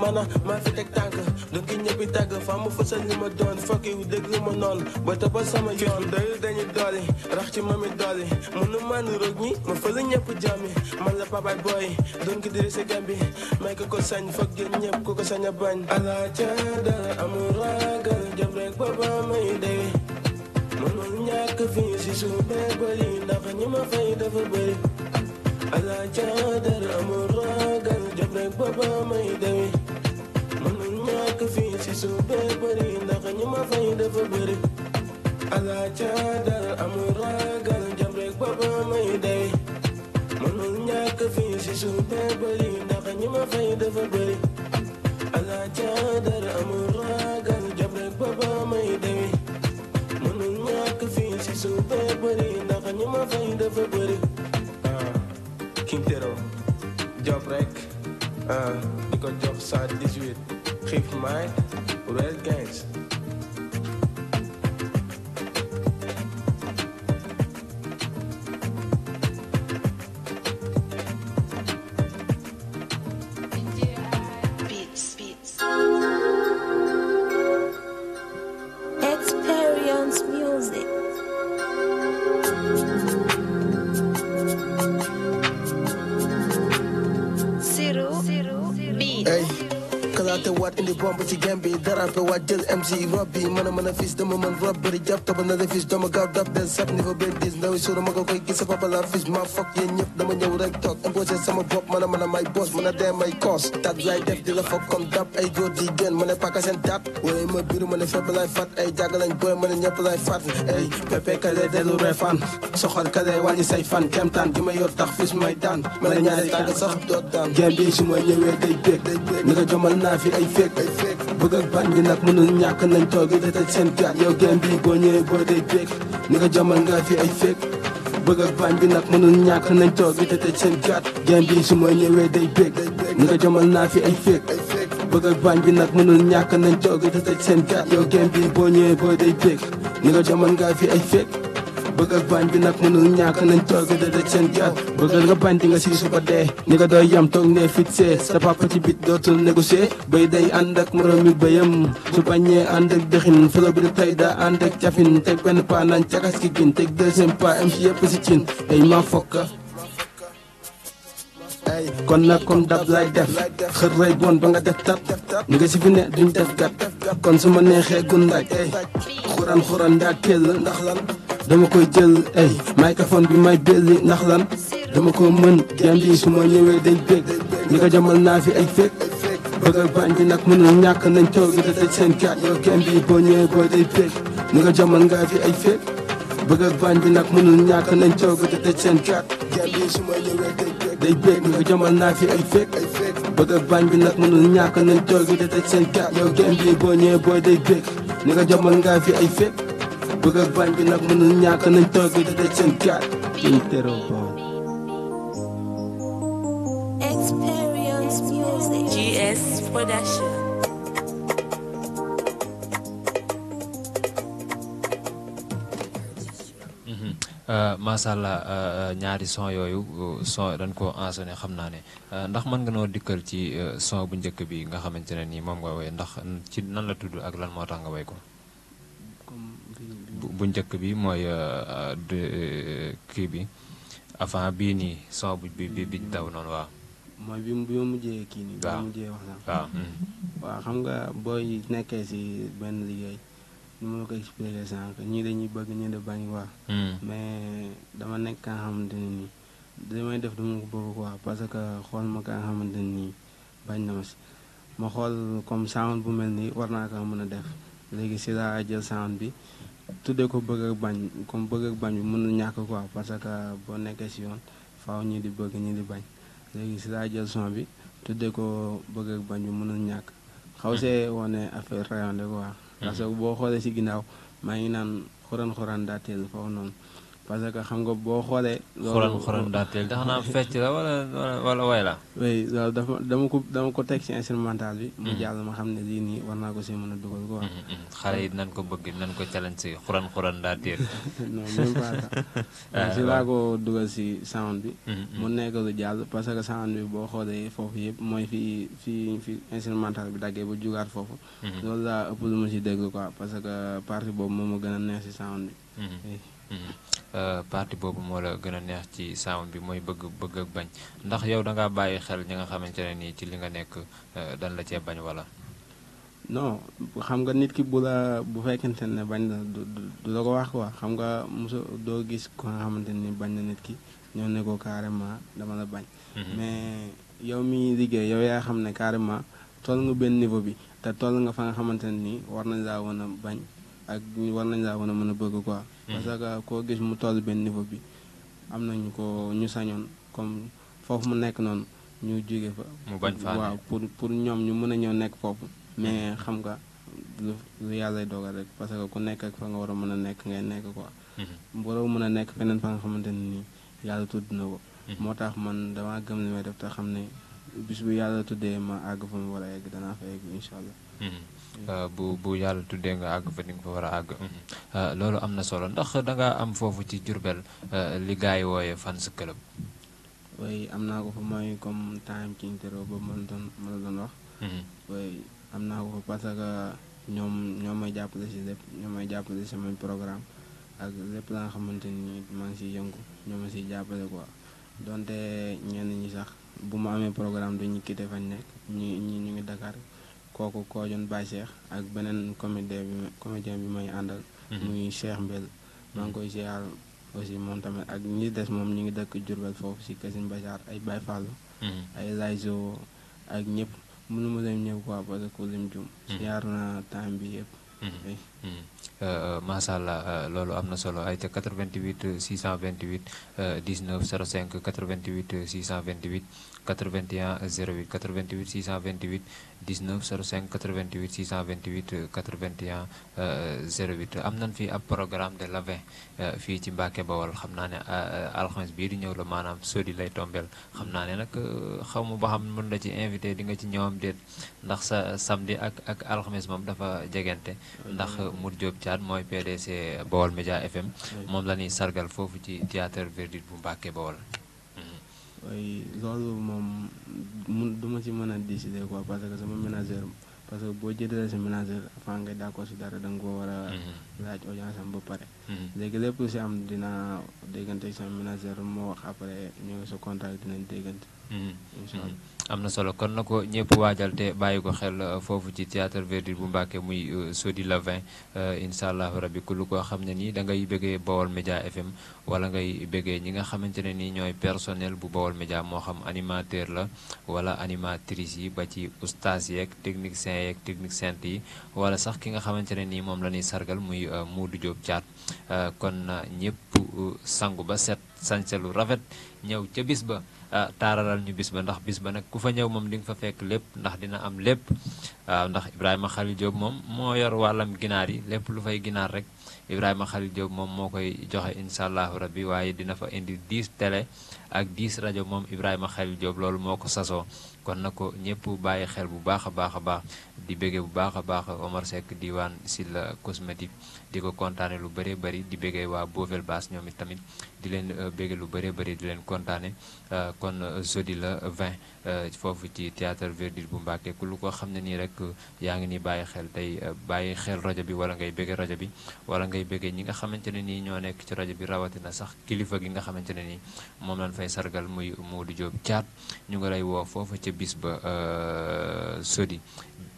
maa fi teg tànk donc ñëppi tàgg faa ma fësal li ma doon fokki dëgg ma noonu ba tabal sama yoon doyul dañuy dooli rax ci mami dooli mënu maa niroog ñi ma fële ñëpp jàmmi man la papaay booy donc diri si gambi may ko ko a laa ca dara amul ragal jëf rek ba ba may ndax ñi ma fay dafa bëri laa ca dara amul ragal jëf rek ba ba may dee mënul ñàkk fii si ndax ñi ma fay dafa dara amul ragal jab rek baba may dewi mënul ñàkk fii si suuf day bëri ndax ñi ma fay dafa bëri ah job rek ah di ko jox saa 18 xiif maay wel bomb ci gem bi darape waa jël MC rob bi mën a man a fis dama mën rob bëri jàpp taba na defis dama gaaw dab benn sab ni fa béy dis ndawi ma ko koy gis sa papa la fis ma fokk yéen ñëpp dama ñëw rek toog imposé sama bopp mën a a may boss mën a dem may koos tat lay di la fokk comme dab ay góor di génn mën a paka seen tat ma biru mën a lay fat ay jàgg lañ boole mën a ñëpp lay fat ay pépé kale dellu refan soxal kale wàññi say fan kemtaan gi ma yor tax fis may daan mën a ñaari tànk sax doot daan gem bi su ma ñëwee day bég ni ko jomal naa fi ay bëgg ak bañ gi nag mënul ñàkk nañ toog di tëj seen kaat yow game bi boo ñëwee boo dee béek ni ko jamal nga fi ay fekk bëgg ak bañ gi nag mënul ñàkk nañ toog di tëj seen kaat game bi su ma ñëwee day béek ni ko jamal naa fi ay fekk bëgg ak bañ gi nag mënul ñàkk nañ toog di tëj seen kaat yow game bi boo ñëwee boo dee béek ni ko jamal nga fi ay fekk bëgg ak bi nag mënul ñàkk nañ toog da daj seen jot bëggal nga bañ di nga si su ko dee ni nga doy yam toog ne fixé sa papa ci dootu dootul négocier bay day ànd ak moromi bayam su bañee ànd ak dëxin folo bi di tey daa ànd ak cafin te benn paa naan cakas ki gin teg deuxième pas am si yëpp si cin ay ma fokka kon nag comme dab lay def xër ray bon ba nga def tat nga si fi ne duñ def gat kon su ma neexee gun ndaaj ay xuran xuran ndaa kell ndax lan dama koy jël ay microphone bi may belli ndax lan dama ko mën jam bi su ma ñëwee dañ bég ñi ko jamal naa fi ay fekk bëgg a bañ bi nag mënul ñàkk nañ taw gi te tëj seen kaat yow gem bi boo ñëwee boo day bég ñi ko jamal ngaa fi ay fekk bëgg a bañ bi nag mënul ñàkk nañ taw gi te tëj seen kaat gem bi su ma ñëwee day bég day bég ñi ko jamal naa fi ay fekk bëgg a bañ bi nag mënul ñàkk nañ taw gi te tëj seen kaat yow gem bi boo ñëwee boo day bég ñi ko jamal ngaa fi ay fekk bëgg nañ toog di daj seen mhm. euh, euh, euh, ñaari son yooyu son dañ ko ensonné xam naa ne ndax mën nga noo dikkal ci son bu njëkk bi nga xamante ne nii moom nga woy ndax ci nan la tudd ak lan moo tax nga woy ko. bu njëkk bi mooy euh, euh, kii bi avant bii nii son bu bi bi daw noonu waaw. mooy bi mu mujjee kii nii. waaw bi ma mujjee wax na hmm. waaw. xam nga booy nekkee si benn liggéey nu ma la ko expliqué sànq ñii dañuy bëgg ñii da bañ quoi. Hmm. mais dama nekk kaa nga xamante ne nii damay def dama ko bëgg quoi parce que xool ma ka nga xamante nii bañ na ma si ma xool comme sound bu mel nii war naa ko mën a def léegi si laa jël sound bi. tuddee ko bëgg ak bañ comme bëgg ak bañ bi mënul ñàkk quoi parce que boo nekkee si yoon faaw ñi di bëgg ñi di bañ léegi si laa jël son bi tuddee ko bëgg ak bañ bi mënul ñàkk xaw see hmm. wone affaire rayonde quoi hmm. parce que boo xoolee si ginnaaw maa ngi naan xuraan xuraan daa teel foofu noonu parce que xam nga boo xoolee. xoolal xoolal daa tax naa fecc la wala wala way la. loolu dafa dama ko dama ko teg ci instrumental bi. mu mm-hmm. jàll ma xam ne lii nii war naa ko si mën a dugal ko wax. Mm-hmm, mm-hmm. xale yi nan ko bëgg nan ko challenge si xoolal xoolal daanteel. non même pas ça. Ah, dugal si sound bi. mu nekk lu jàll parce que sound bi boo xoolee foofu yëpp mooy fi fi fi instrumental bi daggee ba jugaat foofu. loolu laa ëpp lu ma si dégg quoi parce que partie boobu moom ma gën a neex si sound bi. Euh, parti boobu moo la gën a neex ci sound bi mooy bëgg bëgg ak bañ ndax yow da ngaa bàyyi xel ñi nga xamante ne nii ci li nga nekk euh, dan la cee bañ wala. non xam nga nit ki bu la ne bañ la la ko wax quoi xam nga mosu doo gis ko nga xamante ni bañ na nit ki ñoo ne ko carrément dama la bañ. Mhm. mais yow mi liggéey yow yaa xam ne carrément toll nga benn niveau bi te toll nga fa nga xamante ne nii war nañ laa woon a bañ ak war nañ laa wan a mën a bëgg quoi. parce que koo gis mu toll benn niveau bi am nañu ko ñu sañoon comme foofu mu nekk noonu ñu jóge fa. mu bañ faa waaw pour pour ñoom ñu mën a ñëw nekk foofu. mais xam nga lu lu yàlla dogal rek parce que ku nekk ak fa nga war a mën a nekk ngay nekk ko war a mën a nekk feneen fa nga xamante ne nii yàlla tudd na ko. Mhm. moo tax man damaa gëm li may def te xam ne bis bu yàlla tuddee ma àgg fa mu war a egg danaa fa egg incha allah. Mhm. Euh, bu bu yàlla tuddee nga àgg fa ni nga fa war a àgg. Mhm. Euh, loolu am na solo ndax da am foofu ci Jurbel euh, li gars wooye wooyee fans club. waaye am naa ko fa mooy comme time ci interview boobu ma la doon ma la mhm. am naa ko parce que ñoom ñoo may jàppale si lépp ñoo may jàppale si samay programme ak lépp la nga xamante ni maa ngi siy yëngu ñoo siy jàppale ko donte ñenn ñi sax bu ma amee programme dañuy quitté fañ nekk ñi ñi ñu ngi Dakar. kooku koojoon Baye Cheikh ak beneen comédien bi comédien bi may àndal mhm. muy Cheikh Mbel maa ngi koy ziar aussi moom tamit ak ñi des moom ñu ngi dëkk Jurbel foofu si Kasim Bajaar ay Baye Fall mhm. ay Layzo ak ñëpp mënu ma leen ñëpp quoi parce que lim jum mhm. ziar na temps bi yëpp euh, euh, macha allah euh, loolu am na solo ay ca 88 628 19 05 vingt 628 81 08 88 628 19 05 88 628 81 08 am nañ fi ab programme de l'Avent euh, fii ci Mbacke Bawol xam naa ne euh, alxames bii di ñëw la maanaam sodi lay tombeel xam naa ne nag euh, xaw ma ba xam mën na ci invité di nga ci ñëwam déet ndax sa samdi ak ak alxames moom dafa jegante ndax Mour Diop Thiat mooy PDC Bawol Média FM moom la ñuy sargal foofu ci théâtre verdure bu Mbacke Bawol ay loolu moom mun du ma si mën a décider quoi parce que sama ménagère parce que boo jëlee sa ménagère avant ngay d'accord si dara da nga koo war a mhm. laaj audience am ba pare mhm. léegi lépp si am dinaa déggante sama ménagère moo wax après ñoo ngi sa contrat dinañ déggante mhm. am na solo kon na ko ñëpp waajal te bàyyi ko xel euh, foofu ci théâtre verdure bu mbaake muy euh, sodi la 20 euh, incha allahu rabbi ku lu koo xam ne nii dangay ngay bëggee Bawol Média FM wala ngay bëggee ñi nga xamante ne nii ñooy personnel bu Bawol Média moo xam animateur la wala animatrice yi ba ci oustaz yeeg technicien yeeg technicien yi wala sax ki nga xamante ne nii moom la ñuy sargal muy Modou Diop Thiat kon ñëpp sangu ba set sañse lu rafet ñëw ca bis ba taaralal ñu bis ba ndax bis ba nag ku fa ñëw moom di nga fa fekk lépp ndax dina am lépp waaw ndax Ibrahima Khalil Diop moom moo yor wàllam ginaar yi lépp lu fay ginaar rek Ibrahima Khalil Diop moom moo koy joxe incha allahu rabbi waaye dina fa indi 10 télé ak diis rajo moom Ibrahima Khalil joob loolu moo ko sasoo kon na ko ñëpp bàyyi xel bu baax a baax a baax di bége bu baax a baax Omar Seck diwaan Silla cosmétique di ko kontaane lu bëree bëri di béggee waa boofeel baas ñoom it tamit di leen euh, béggee lu bëree bëri di leen kontaane euh, kon sodi euh, la 20 foofu ci théâtre Verdure bu Mbàkke ku ko xam ne nii rek yaa ngi ni bàyyi xel tey bàyyi xel rajo bi wala ngay béggee rajo bi wala ngay béggee ñi nga xamante ne nii ñoo nekk ci rajo bi rawatina sax kilifa gi nga xamante ne nii moom lañ fay sargal muy Modou Diop Thiat ñu ngi lay woo foofu ca bis ba sodi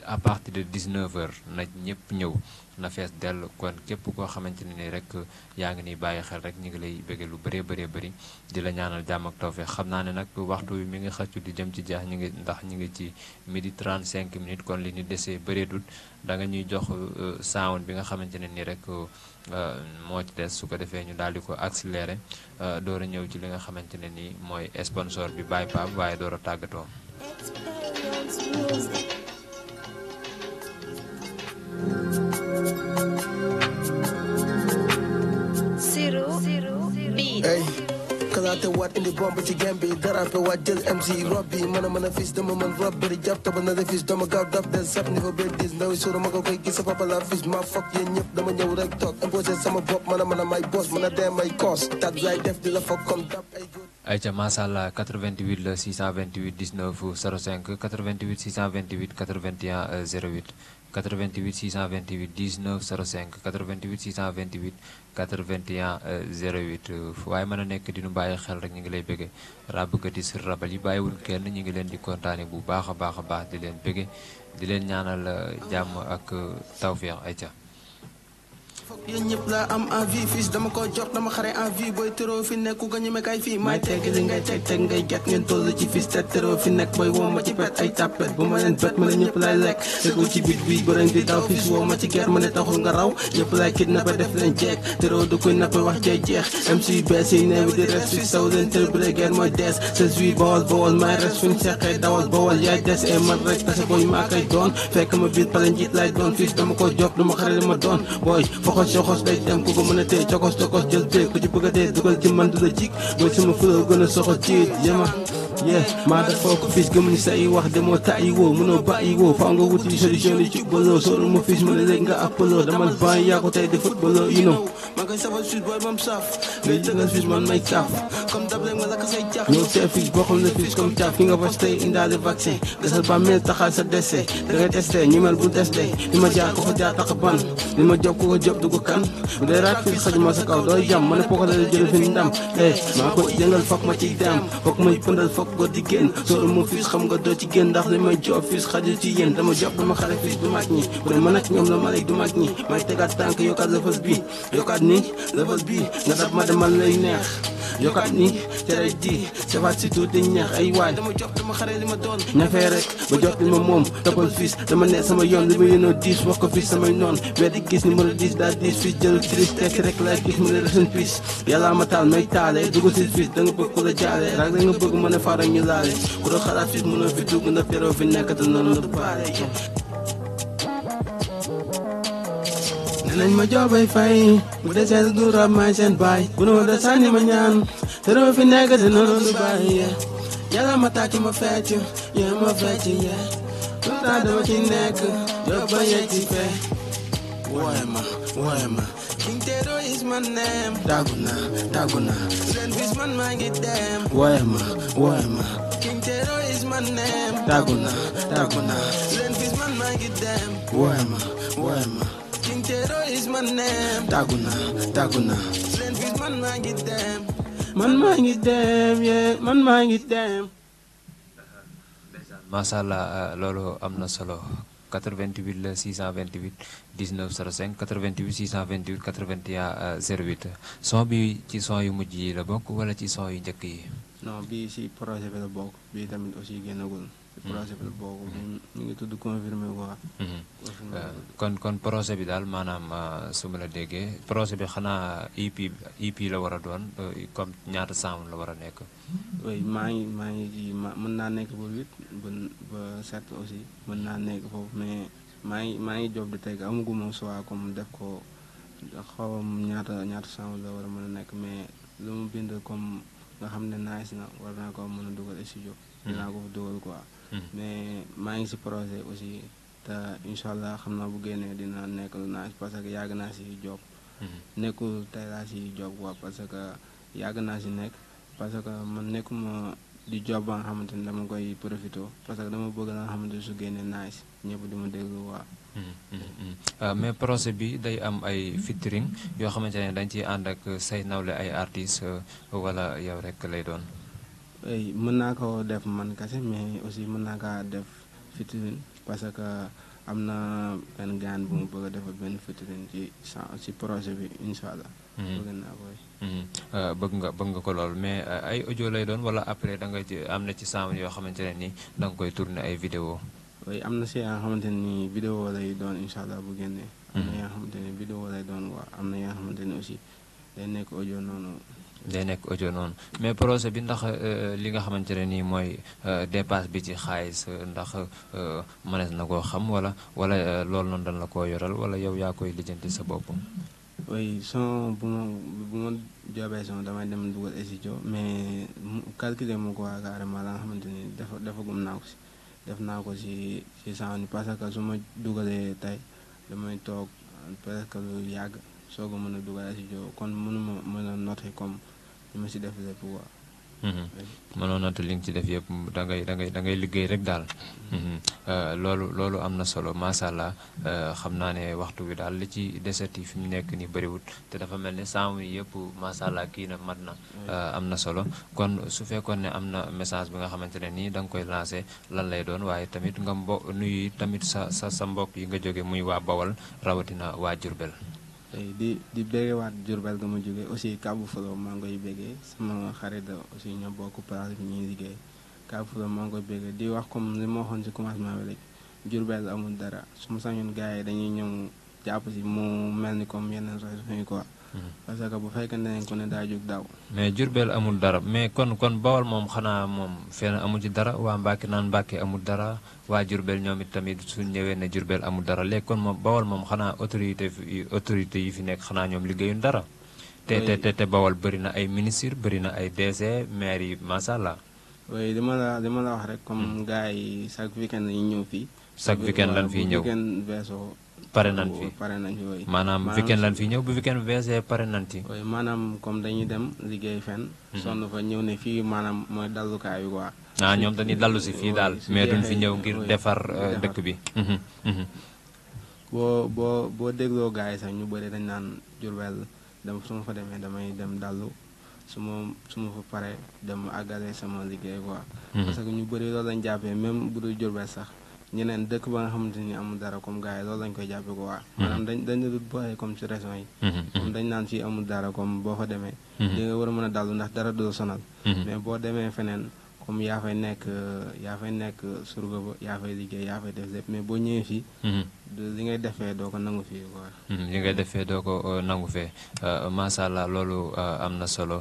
à partir de 19h nag ñëpp ñëw na fees dell kon képp koo xamante ne ni rek yaa ngi nii bàyyi xel rek ñu ngi lay bëgge lu bëree bëree bëri di la ñaanal jàmm ak tawfeex xam naa ne nag waxtu wi mi ngi xëccu di jëm ci jeex ñu ngi ndax ñu ngi ci midi 35 minutes kon li ñu desee bëreetut da nga ñuy jox euh, saawoon bi nga xamante ne ni rek euh, moo ci des su ko defee ñu daal di ko accéléré euh, door a ñëw ci li nga xamante ne ni mooy sponsor bi Baye Pape waaye door tàggatoo. te waat indi bomb ci game bi darape waat jël MC rob bi mën a mën a fis dama mën rob bëri jàpp taba na defis dama gaaw daf del sab ni fa bér dis ndaw soro ma ko koy gis sa papa la fis ma fokk yéen ñëpp dama ñëw rek toog imposé sama bopp mën a mën a may boss mën a dee may koos tat lay def di la fokk comme dab ay ayca masàlla 88 la 628 19 05 88 628 81 08 88 628 19 05 88 628 81 08 waaye mën a nekk di nu bàyyi xel rek ñu ngi lay bëgge rabëgati si rabal yi bàyyiwul kenn ñu ngi leen di kontaane bu baax a baax a baax di leen bëgge di leen ñaanal uh, jàmm ak uh, tawféex ay ca yéen ñëpp laa am envie fils dama ko jox dama xare envie booy tëroo fi nekk ku ko ñeme kay fii may teg li ngay teg teg ngay get ngeen toll ci fils te tëroo fi nekk booy woo ci pet ay tàppet bu ma leen bet tëroo du dama ko jox dama xare li ma doon booy yoxos yoxos day dem ku ko mën a tey cokos cokos jël tey ku ci bëgg a dee dugal ci man du la jik mooy sama fuloo gën a soxos jiit yema maa def foo ko fiis gëmuñu say wax demoo tàyyi woo woo faaw nga wuti solution yi cubbaloo ma fiis ma ne léegi nga appaloo damal ban yaa ko tey de footballoo you know maa ngay sabal fiis booy mam saaf ngay dëggal fiis man may kaaf comme dab léegi ma lakk say caaf ñëw tey indaale vaccin gasal bàmmeel taxal ma jaar ko fa ma job ko ko job ma ne eh, pëndal foog góor di génn sóoru ma fiis dama job dama xale ma lay du mag ni di safaat si tuuti ñeex ay waay dama job dama xare li ma doon ñafee rek ba job li ma moom toppal fiis dama ne sama yoon li ma yénoo diis wax ko fiis samay noon mais di daal diis fiis jël tris rek lay gis mu ne resun fiis yàllaa ma taal may taale dugg si fiis da nga bëgg ku la jaale rek da nga bëgg mën a xaar ak ñu laale ku doon xalaat fit mënoo fi dugg ndax seen baay bu nu ma da sànni ma ñaan te dama fi nekk te noonu du bàyyi yàlla ma tàcc ma fecc yéen ma fecc yee tout temps dama ci nekk joobay yegg ci fee wooye ma wooye ma Zero is my name. Daguna, Daguna. Send this man my get them. Why Daguna, Daguna. man maa ngi dem yeah man maa ngi dem. am na solo 88 la 628 19 05 88 628 81 08 son bi ci son yu mujj yi la bokk wala ci son yu njëkk yi. non bii si projet bi la bokk bii tamit aussi génnagul. projet bi boobu ñu ngi tudd confirmé quoi. Mhm. Euh, kon kon projet bi daal maanaam euh, su ma la déggee projet bi xanaa EP EP la war a doon euh, comme ñaata sàmm la war a nekk. maa ngi maa ngi ci ma mën naa nekk ba huit ba ba mën naa nekk foofu maa ngi maa ngi job di teg amaguma soit comme def ko xaw ma ñaata ñaata sàmm la war a mën a nekk mais lu mu bind comme nga xam ne nice na war naa ko mën a dugal studio. Mhm. dinaa ko fa dugal quoi. mais maa ngi si projet aussi te incha allah xam na bu génnee dina nekk lu naaj parce que yàgg naa si job mm-hmm. nekkul tey laa si job quoi parce que yàgg naa si nekk parce que man nekkuma di job ba nga xamante ni dama koy profité parce que dama bëgg la nga xamante su génnee nice ñëpp di ma déglu waa mm-hmm. mm-hmm. euh, mais projet bi day am ay featuring yoo xamante ne dañ ci ànd ak say nawle ay artistes euh, wala yow rek lay doon mën naa ko def man kase mais aussi mën naa kaa def featuring parce que am na benn gaan bu mu bëgg a defal benn featuring ci ci projet bi incha allah. Mhm. bëgg naa koy. Mhm. Euh, bëgg nga bëgg nga ko lool mais euh, ay audio lay doon wala après da nga ci am na ci sàmm yoo xamante ne ni da koy tourner ay vidéo oui am na si yaa nga xamante ni vidéo lay doon incha allah bu génnee. am na mhm. yaa nga xamante ni vidéo lay doon waa am na yaa nga xamante ni aussi day nekk audio noonu. day nekk audio noonu mais projet bi ndax euh, li nga xamante ne nii mooy euh, dépasse bi ci xaalis euh, ndax mënees na koo xam wala wala loolu noonu dañ la ko yoral wala yow yaa koy lijjanti sa bopp. oui son bu ma joobee son damay dem dugal mais mu calculer mu ko waa xamante ni dafa defagum naa ko si def naa ko si si saa parce que su ma dugalee tey damay toog presque lu yàgg soo ko mën a dugal studio kon mënuma mën a noter comme. li ma si def lépp waaw. mënoo mm-hmm. natt li nga ci def yëpp da ngay da ngay liggéey rek daal mm-hmm. euh, loolu loolu am na solo macha allah euh, xam naa ne waxtu wi daal li ci desati fi mu nekk nii bëriwut te dafa mel ne saamu yi yëpp macha allah kii na mat na euh, am na solo kon su fekkoon ne am na message bi nga xamante ne nii da nga koy lancé lan lay doon waaye tamit nga mbo nuyu tamit sa sa sa mbokk yi nga jóge muy waa Bawal rawatina waa Jurbel Eh, di di béggewaat Diourbel ga ma jógee aussi Kaabu Fulo maa ngi koy béggee sama xarit da aussi ñoo bokk place bi ñuy liggéey Kaabu Fulo maa ngi koy béggee di wax comme li ma waxoon si commencement bi rek Diourbel amul dara su ma sañoon gars yi dañuy ñëw jàpp si mu mel ni comme yeneen régions yi quoi parce que bu fekkente ne ku ne daa jóg daaw. mais Jurbel amul dara mais kon kon Bawol moom xanaa moom fenn amul ci dara waa Mbàkke naan Mbàkke amul dara waa Jurbel ñoom it tamit su ñëwee ne jurbeel amul dara léegi kon moom bawal moom xanaa autorité yi yi fi nekk xanaa ñoom liggéeyul dara. te te te te Bawol bëri na ay ministre bëri na ay DG maire yi macha allah. oui dama la dama la wax rek. comme gars yi chaque weekend yi ñëw fii. chaque weekend lan fii ñëw weekend weesoo pare nañ fi oh, pare nañ fi oui. maanaam weekend lan fi ñëw bu weekend weesee pare nañ maanaam comme dañuy dem liggéey fen hmm. sonn fa ñëw ne fii maanaam mooy dallukaay bi quoi. ah ñoom dañuy dallu si fii daal mais duñ fi ñëw ngir euh, defar dëkk bi. Hmm, hmm, boo boo boo dégloo gars yi sax ñu bëri dañ naan Jurbel dem su fa demee damay dem dallu su ma su fa pare dem àggale sama liggéey waa parce que ñu bëri loolu lañ jàppee même bu dul Jurbel sax. ñeneen dëkk ba nga xamante ni amul dara comme gars yi loolu lañ koy jàppe ko waa mhm. maanaam dañ dañ dut boolee comme ci région yi mhm, mhm. comme dañ naan fii amul dara comme boo fa demee di war a mën a dallu ndax dara doo sonal mais boo demee feneen comme yaa fay nekk yaa fay nekk surga ba yaa fay liggéey yaa fay def lépp mais boo ñëwee fii li ngay defee doo ko nangu fii hmm, defee doo ko euh, nangu fee euh, macha allah loolu euh, am na solo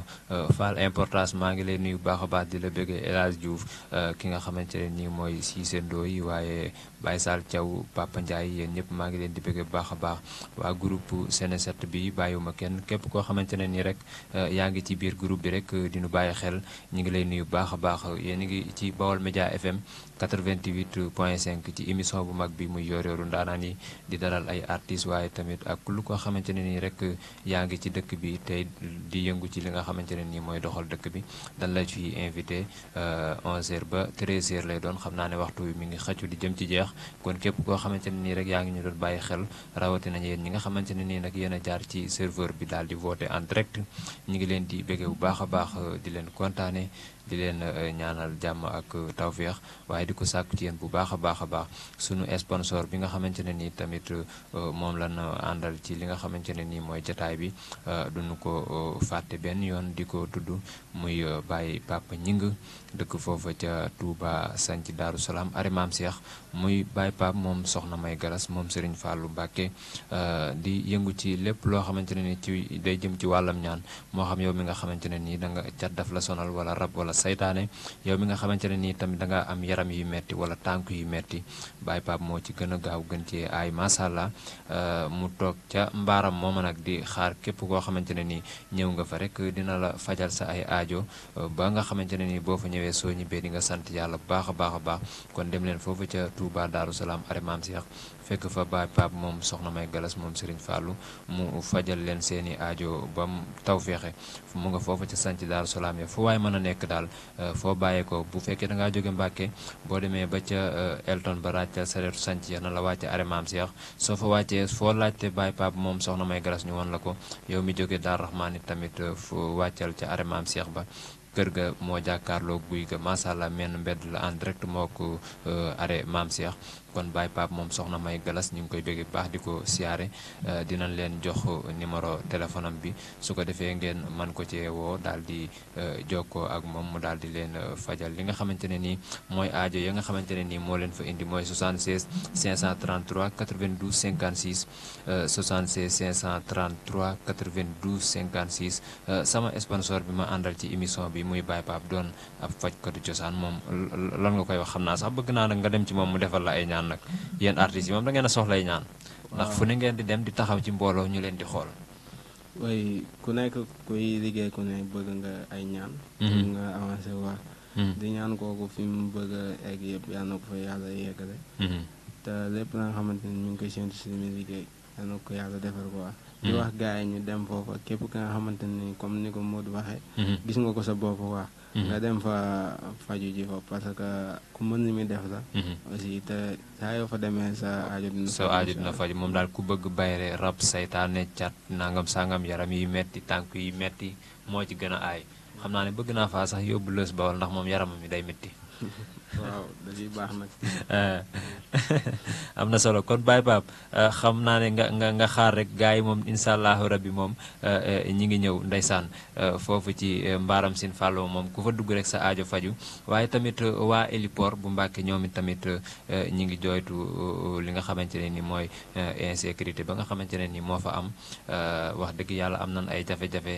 Fall importance maa ngi lay nuyu baax a baax di la bëggee El Hadj ki nga xamante ne nii mooy si Cissé Ndoye waaye Baye saal Thiaw Papa Ndiaye yéen ñëpp maa ngi leen di bëggee bu baax a baax waa groupe Seneset bi bàyyiwuma kenn képp koo xamante ne nii rek yaa ngi ci biir groupe bi rek di nu bàyyi xel ñu ngi lay nuyu baax a baax yéen ngi ci Baol Média FM. 88 point 5 ci émission bu mag bi muy Yoor Yooru Ndaanaan yi di daral ay artistes waaye tamit ak lu ko xamante ne nii rek yaa ngi ci dëkk bi tey di yëngu ci li nga xamante ne nii mooy doxal dëkk bi dañ la ciy invité 11h euh, ba 13 lay doon xam naa ne waxtu wi mi ngi xëccu di jëm ci jeex kon képp koo xamante ne nii rek yaa ngi ñu doon bàyyi xel rawatina yéen ñi nga xamante ne nii nag yéen a jaar ci serveur bi daal di voté en direct ñu ngi leen di bëggee bu baax a baax euh, di leen kontaane di leen euh, ñaanal jàmm ak tawféex waaye di ko sàkku ci yéen bu baax a baax a baax sunu sponsor bi nga xamante ne nii tamit euh, moom lan àndal ci li nga xamante ne nii mooy jataay bi euh, duñu ko fàtte benn yoon di ko tudd muy bàyyi Papa Ñing dëkk foofa ca Touba sanc Daaru Salaam are maam Seex muy Baay Paap moom soxna May Galas moom Serigne Fallou Mbacke euh, di yëngu ci lépp loo xamante ne ni ci day jëm ci wàllam ñaan moo xam yow mi nga xamante ne nii da nga cat daf la sonal wala rab wala saytaane yow mi nga xamante ne nii tamit da nga am yaram yu metti wala tànk yu metti Baay Paap moo ci gën gaaw gën ci ay masàllaa euh, mu toog ca mbaaram mooma nag di xaar képp koo xamante ne nii ñëw nga fa rek dina la fajal sa ay aajo euh, ba nga xamante nii boo fa ñëwee waaye soo ñibbee di nga sant yàlla bu baax a baax a baax kon dem leen foofu ca Touba Darou Salaam are maam Cheikh fekk fa baay Pape moom soxna May Galas moom Serigne mu fajal leen seeni aajo ba mu taw feexe mu nga foofu ca sanc Darou Salaam ya foo waaye mën a nekk daal euh, foo bàyyee ko bu fekkee da ngaa jóge Mbàkke boo demee ba ca euh, Elton ba ràccal sareetu sanc ya na la wàcce are maam fa wàccee foo laajte baay Pape moom soxna May Galas ñu won la ko yow mi jóge Darou Rahmani tamit euh, wàccal ca are maam Cheikh ba kër ga moo jàkkaarloo guy ga macha allah menn mbedd la en direct moo ko euh, arrêt maam Cheikh kon Baye Pape moom soxna May Galas ñu ngi koy bëgg baax di ko siyaare euh, dinañ leen jox euh, numéro téléphone bi su ko defee ngeen man ko cee woo daal di euh, jokkoo ak moom mu daal di leen fajal li nga xamante ne nii mooy aajo ya nga xamante ne nii moo leen fa indi mooy 76 533 92 56 76 533 92 56 sama sponsor bi ma àndal ci émission bi muy Baye Pape doon. ab fajkatu cosaan moom lan nga koy wax xam naa sax bëgg naa nag nga dem ci moom mu defal la ay ñaan nag yéen artistes yi moom da ngeen a soxlay ñaan ndax fu ne ngeen di dem di taxaw ci mbooloo ñu leen di xool way ku nekk kuy liggéey ku ne bëgg nga ay ñaan mhm. nga avancé waa mhm. di ñaan kooku fi mu bëgg a egg yëpp yal na ko fa yàlla yeggale mhm. te lépp la nga xamante ni ñu ngi koy séntu si muy liggéey yal na ko yàlla defal ko waa di wax gars yi ñu dem foofa képp ka nga xamante ni comme ni ko Modou waxee gis nga ko sa bopp waa Mhm. nga dem fa faju ji fa parce que ku mën ni mi def la mhm. aussi te saa yoo fa demee sa aajo dina faju moom daal ku bëgg bayre rab seytaane cat nangam sangam yaram yi metti tànk yi metti moo ci gën a aay xam naa ne bëgg naa fa sax yóbbu lës bawal ndax moom yaramam mi day metti waaw dañuy baax nag. Ah. am na solo kon Baye Pape ah, xam naa ne nga nga nga xaar rek gars yi moom incha allahu rabbi moom ah, ñi ngi ñëw ndeysaan Euh, foofu ci euh, mbaaram sin fàlloo moom ku fa dugg rek sa aajo faju waaye tamit euh, waa héliport bu Mbàkke ñoom it tamit ñi ngi jooytu li nga xamante ne ni mooy insécurité ba nga xamante ne ni moo fa am wax dëgg yàlla am nañ ay jafe-jafe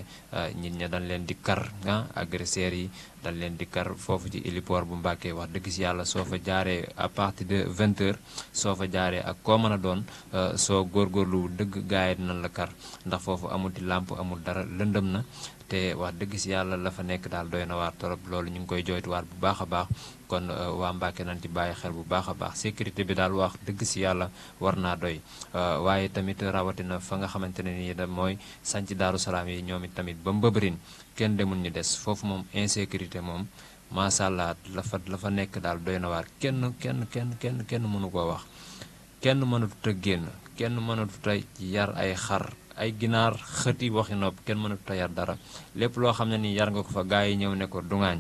nit ña dañ leen di kar ah agresseurs yi dañ leen di kar foofu ci héliport bu Mbàkke wax dëgg si yàlla soo fa jaaree à partir de 20 heures soo fa jaaree ak koo mën a doon soo góorgóorlu dëgg gaay dinañ la kar ndax foofu amul di làmp amul dara lëndëm na te wax dëgg si yàlla la fa nekk daal doy na waar torop loolu ñu ngi koy jooytuwaat bu baax a baax kon euh, waa Mbàkke nañ ci bàyyi xel bu baax a baax sécurité bi daal waax dëgg si yàlla war naa doy euh, waaye tamit rawatina fa nga xamante ne nii da mooy sànc daaru salaam yi ñoom it tamit ba mbëbërin kenn demul ñu des foofu moom insécurité moom macha allah la fa la fa nekk daal doy na waar kenn kenn kenn kenn kenn mënu koo wax kenn mënatut a génn kenn mënatut a yar ay xar ay ginaar xëti waxi nopp kenn mënatu ta dara lépp loo xam ne nii yar nga ko fa gaa yi ñëw ne ko duŋaañ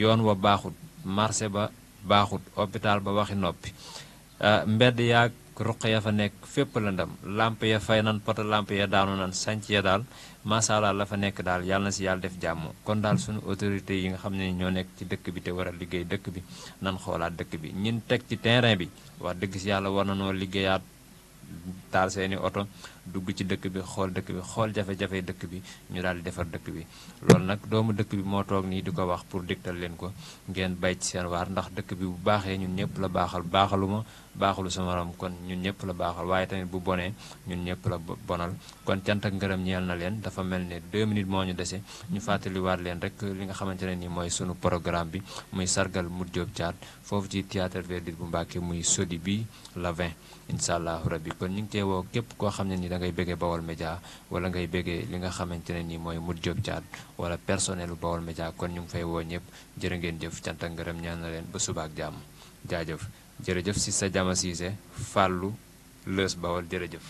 yoon wa baaxut marché ba baaxut hôpital ba waxi noppi ah, mbedd yaag ruq ya fa nekk fépp la ndam làmp ya fay nan poto làmp ya daanu nan sanc ya daal macha allah la fa nekk daal yàlla na si yàlla def jàmm kon daal suñu autorité yi nga xam ne ñoo nekk ci dëkk bi te war a liggéey dëkk bi nan xoolaat dëkk bi ñin teg ci terrain bi wax dëgg si yàlla war na noo seeni oto dugg ci dëkk bi xool dëkk bi xool jafe-jafe dëkk bi ñu daal di defar dëkk bi loolu nag doomu dëkk bi moo toog nii di ko wax pour dégtal leen ko ngeen bay ci seen waar ndax dëkk bi bu baaxee ñun ñëpp la baaxal baaxaluma baaxalu sama morom kon ñun ñëpp la baaxal waaye tamit bu bonee ñun ñëpp la bonal kon cant ak ngërëm ñeel na leen dafa mel ne deux minutes moo ñu dese ñu fàttaliwaat leen rek li nga xamante ne ni mooy sunu programme bi muy sargal Modou Diop foofu ci théâtre Verdure bu Mbàkke muy sodi bi la 20 incha allahu rabbi kon ñu ngi tee woo képp koo xam ne ni dangay ngay bëggee Baol Média wala ngay bëggee li nga xamante ne ni mooy mut Diop Thiat wala personnel bu Baol Média kon ñu ngi fay woo ñëpp jër ngeen jëf cant ak ngërëm ñaan na leen ba subaak jàmm jaajëf jërëjëf si sa jama siise fàllu lës Baol jërëjëf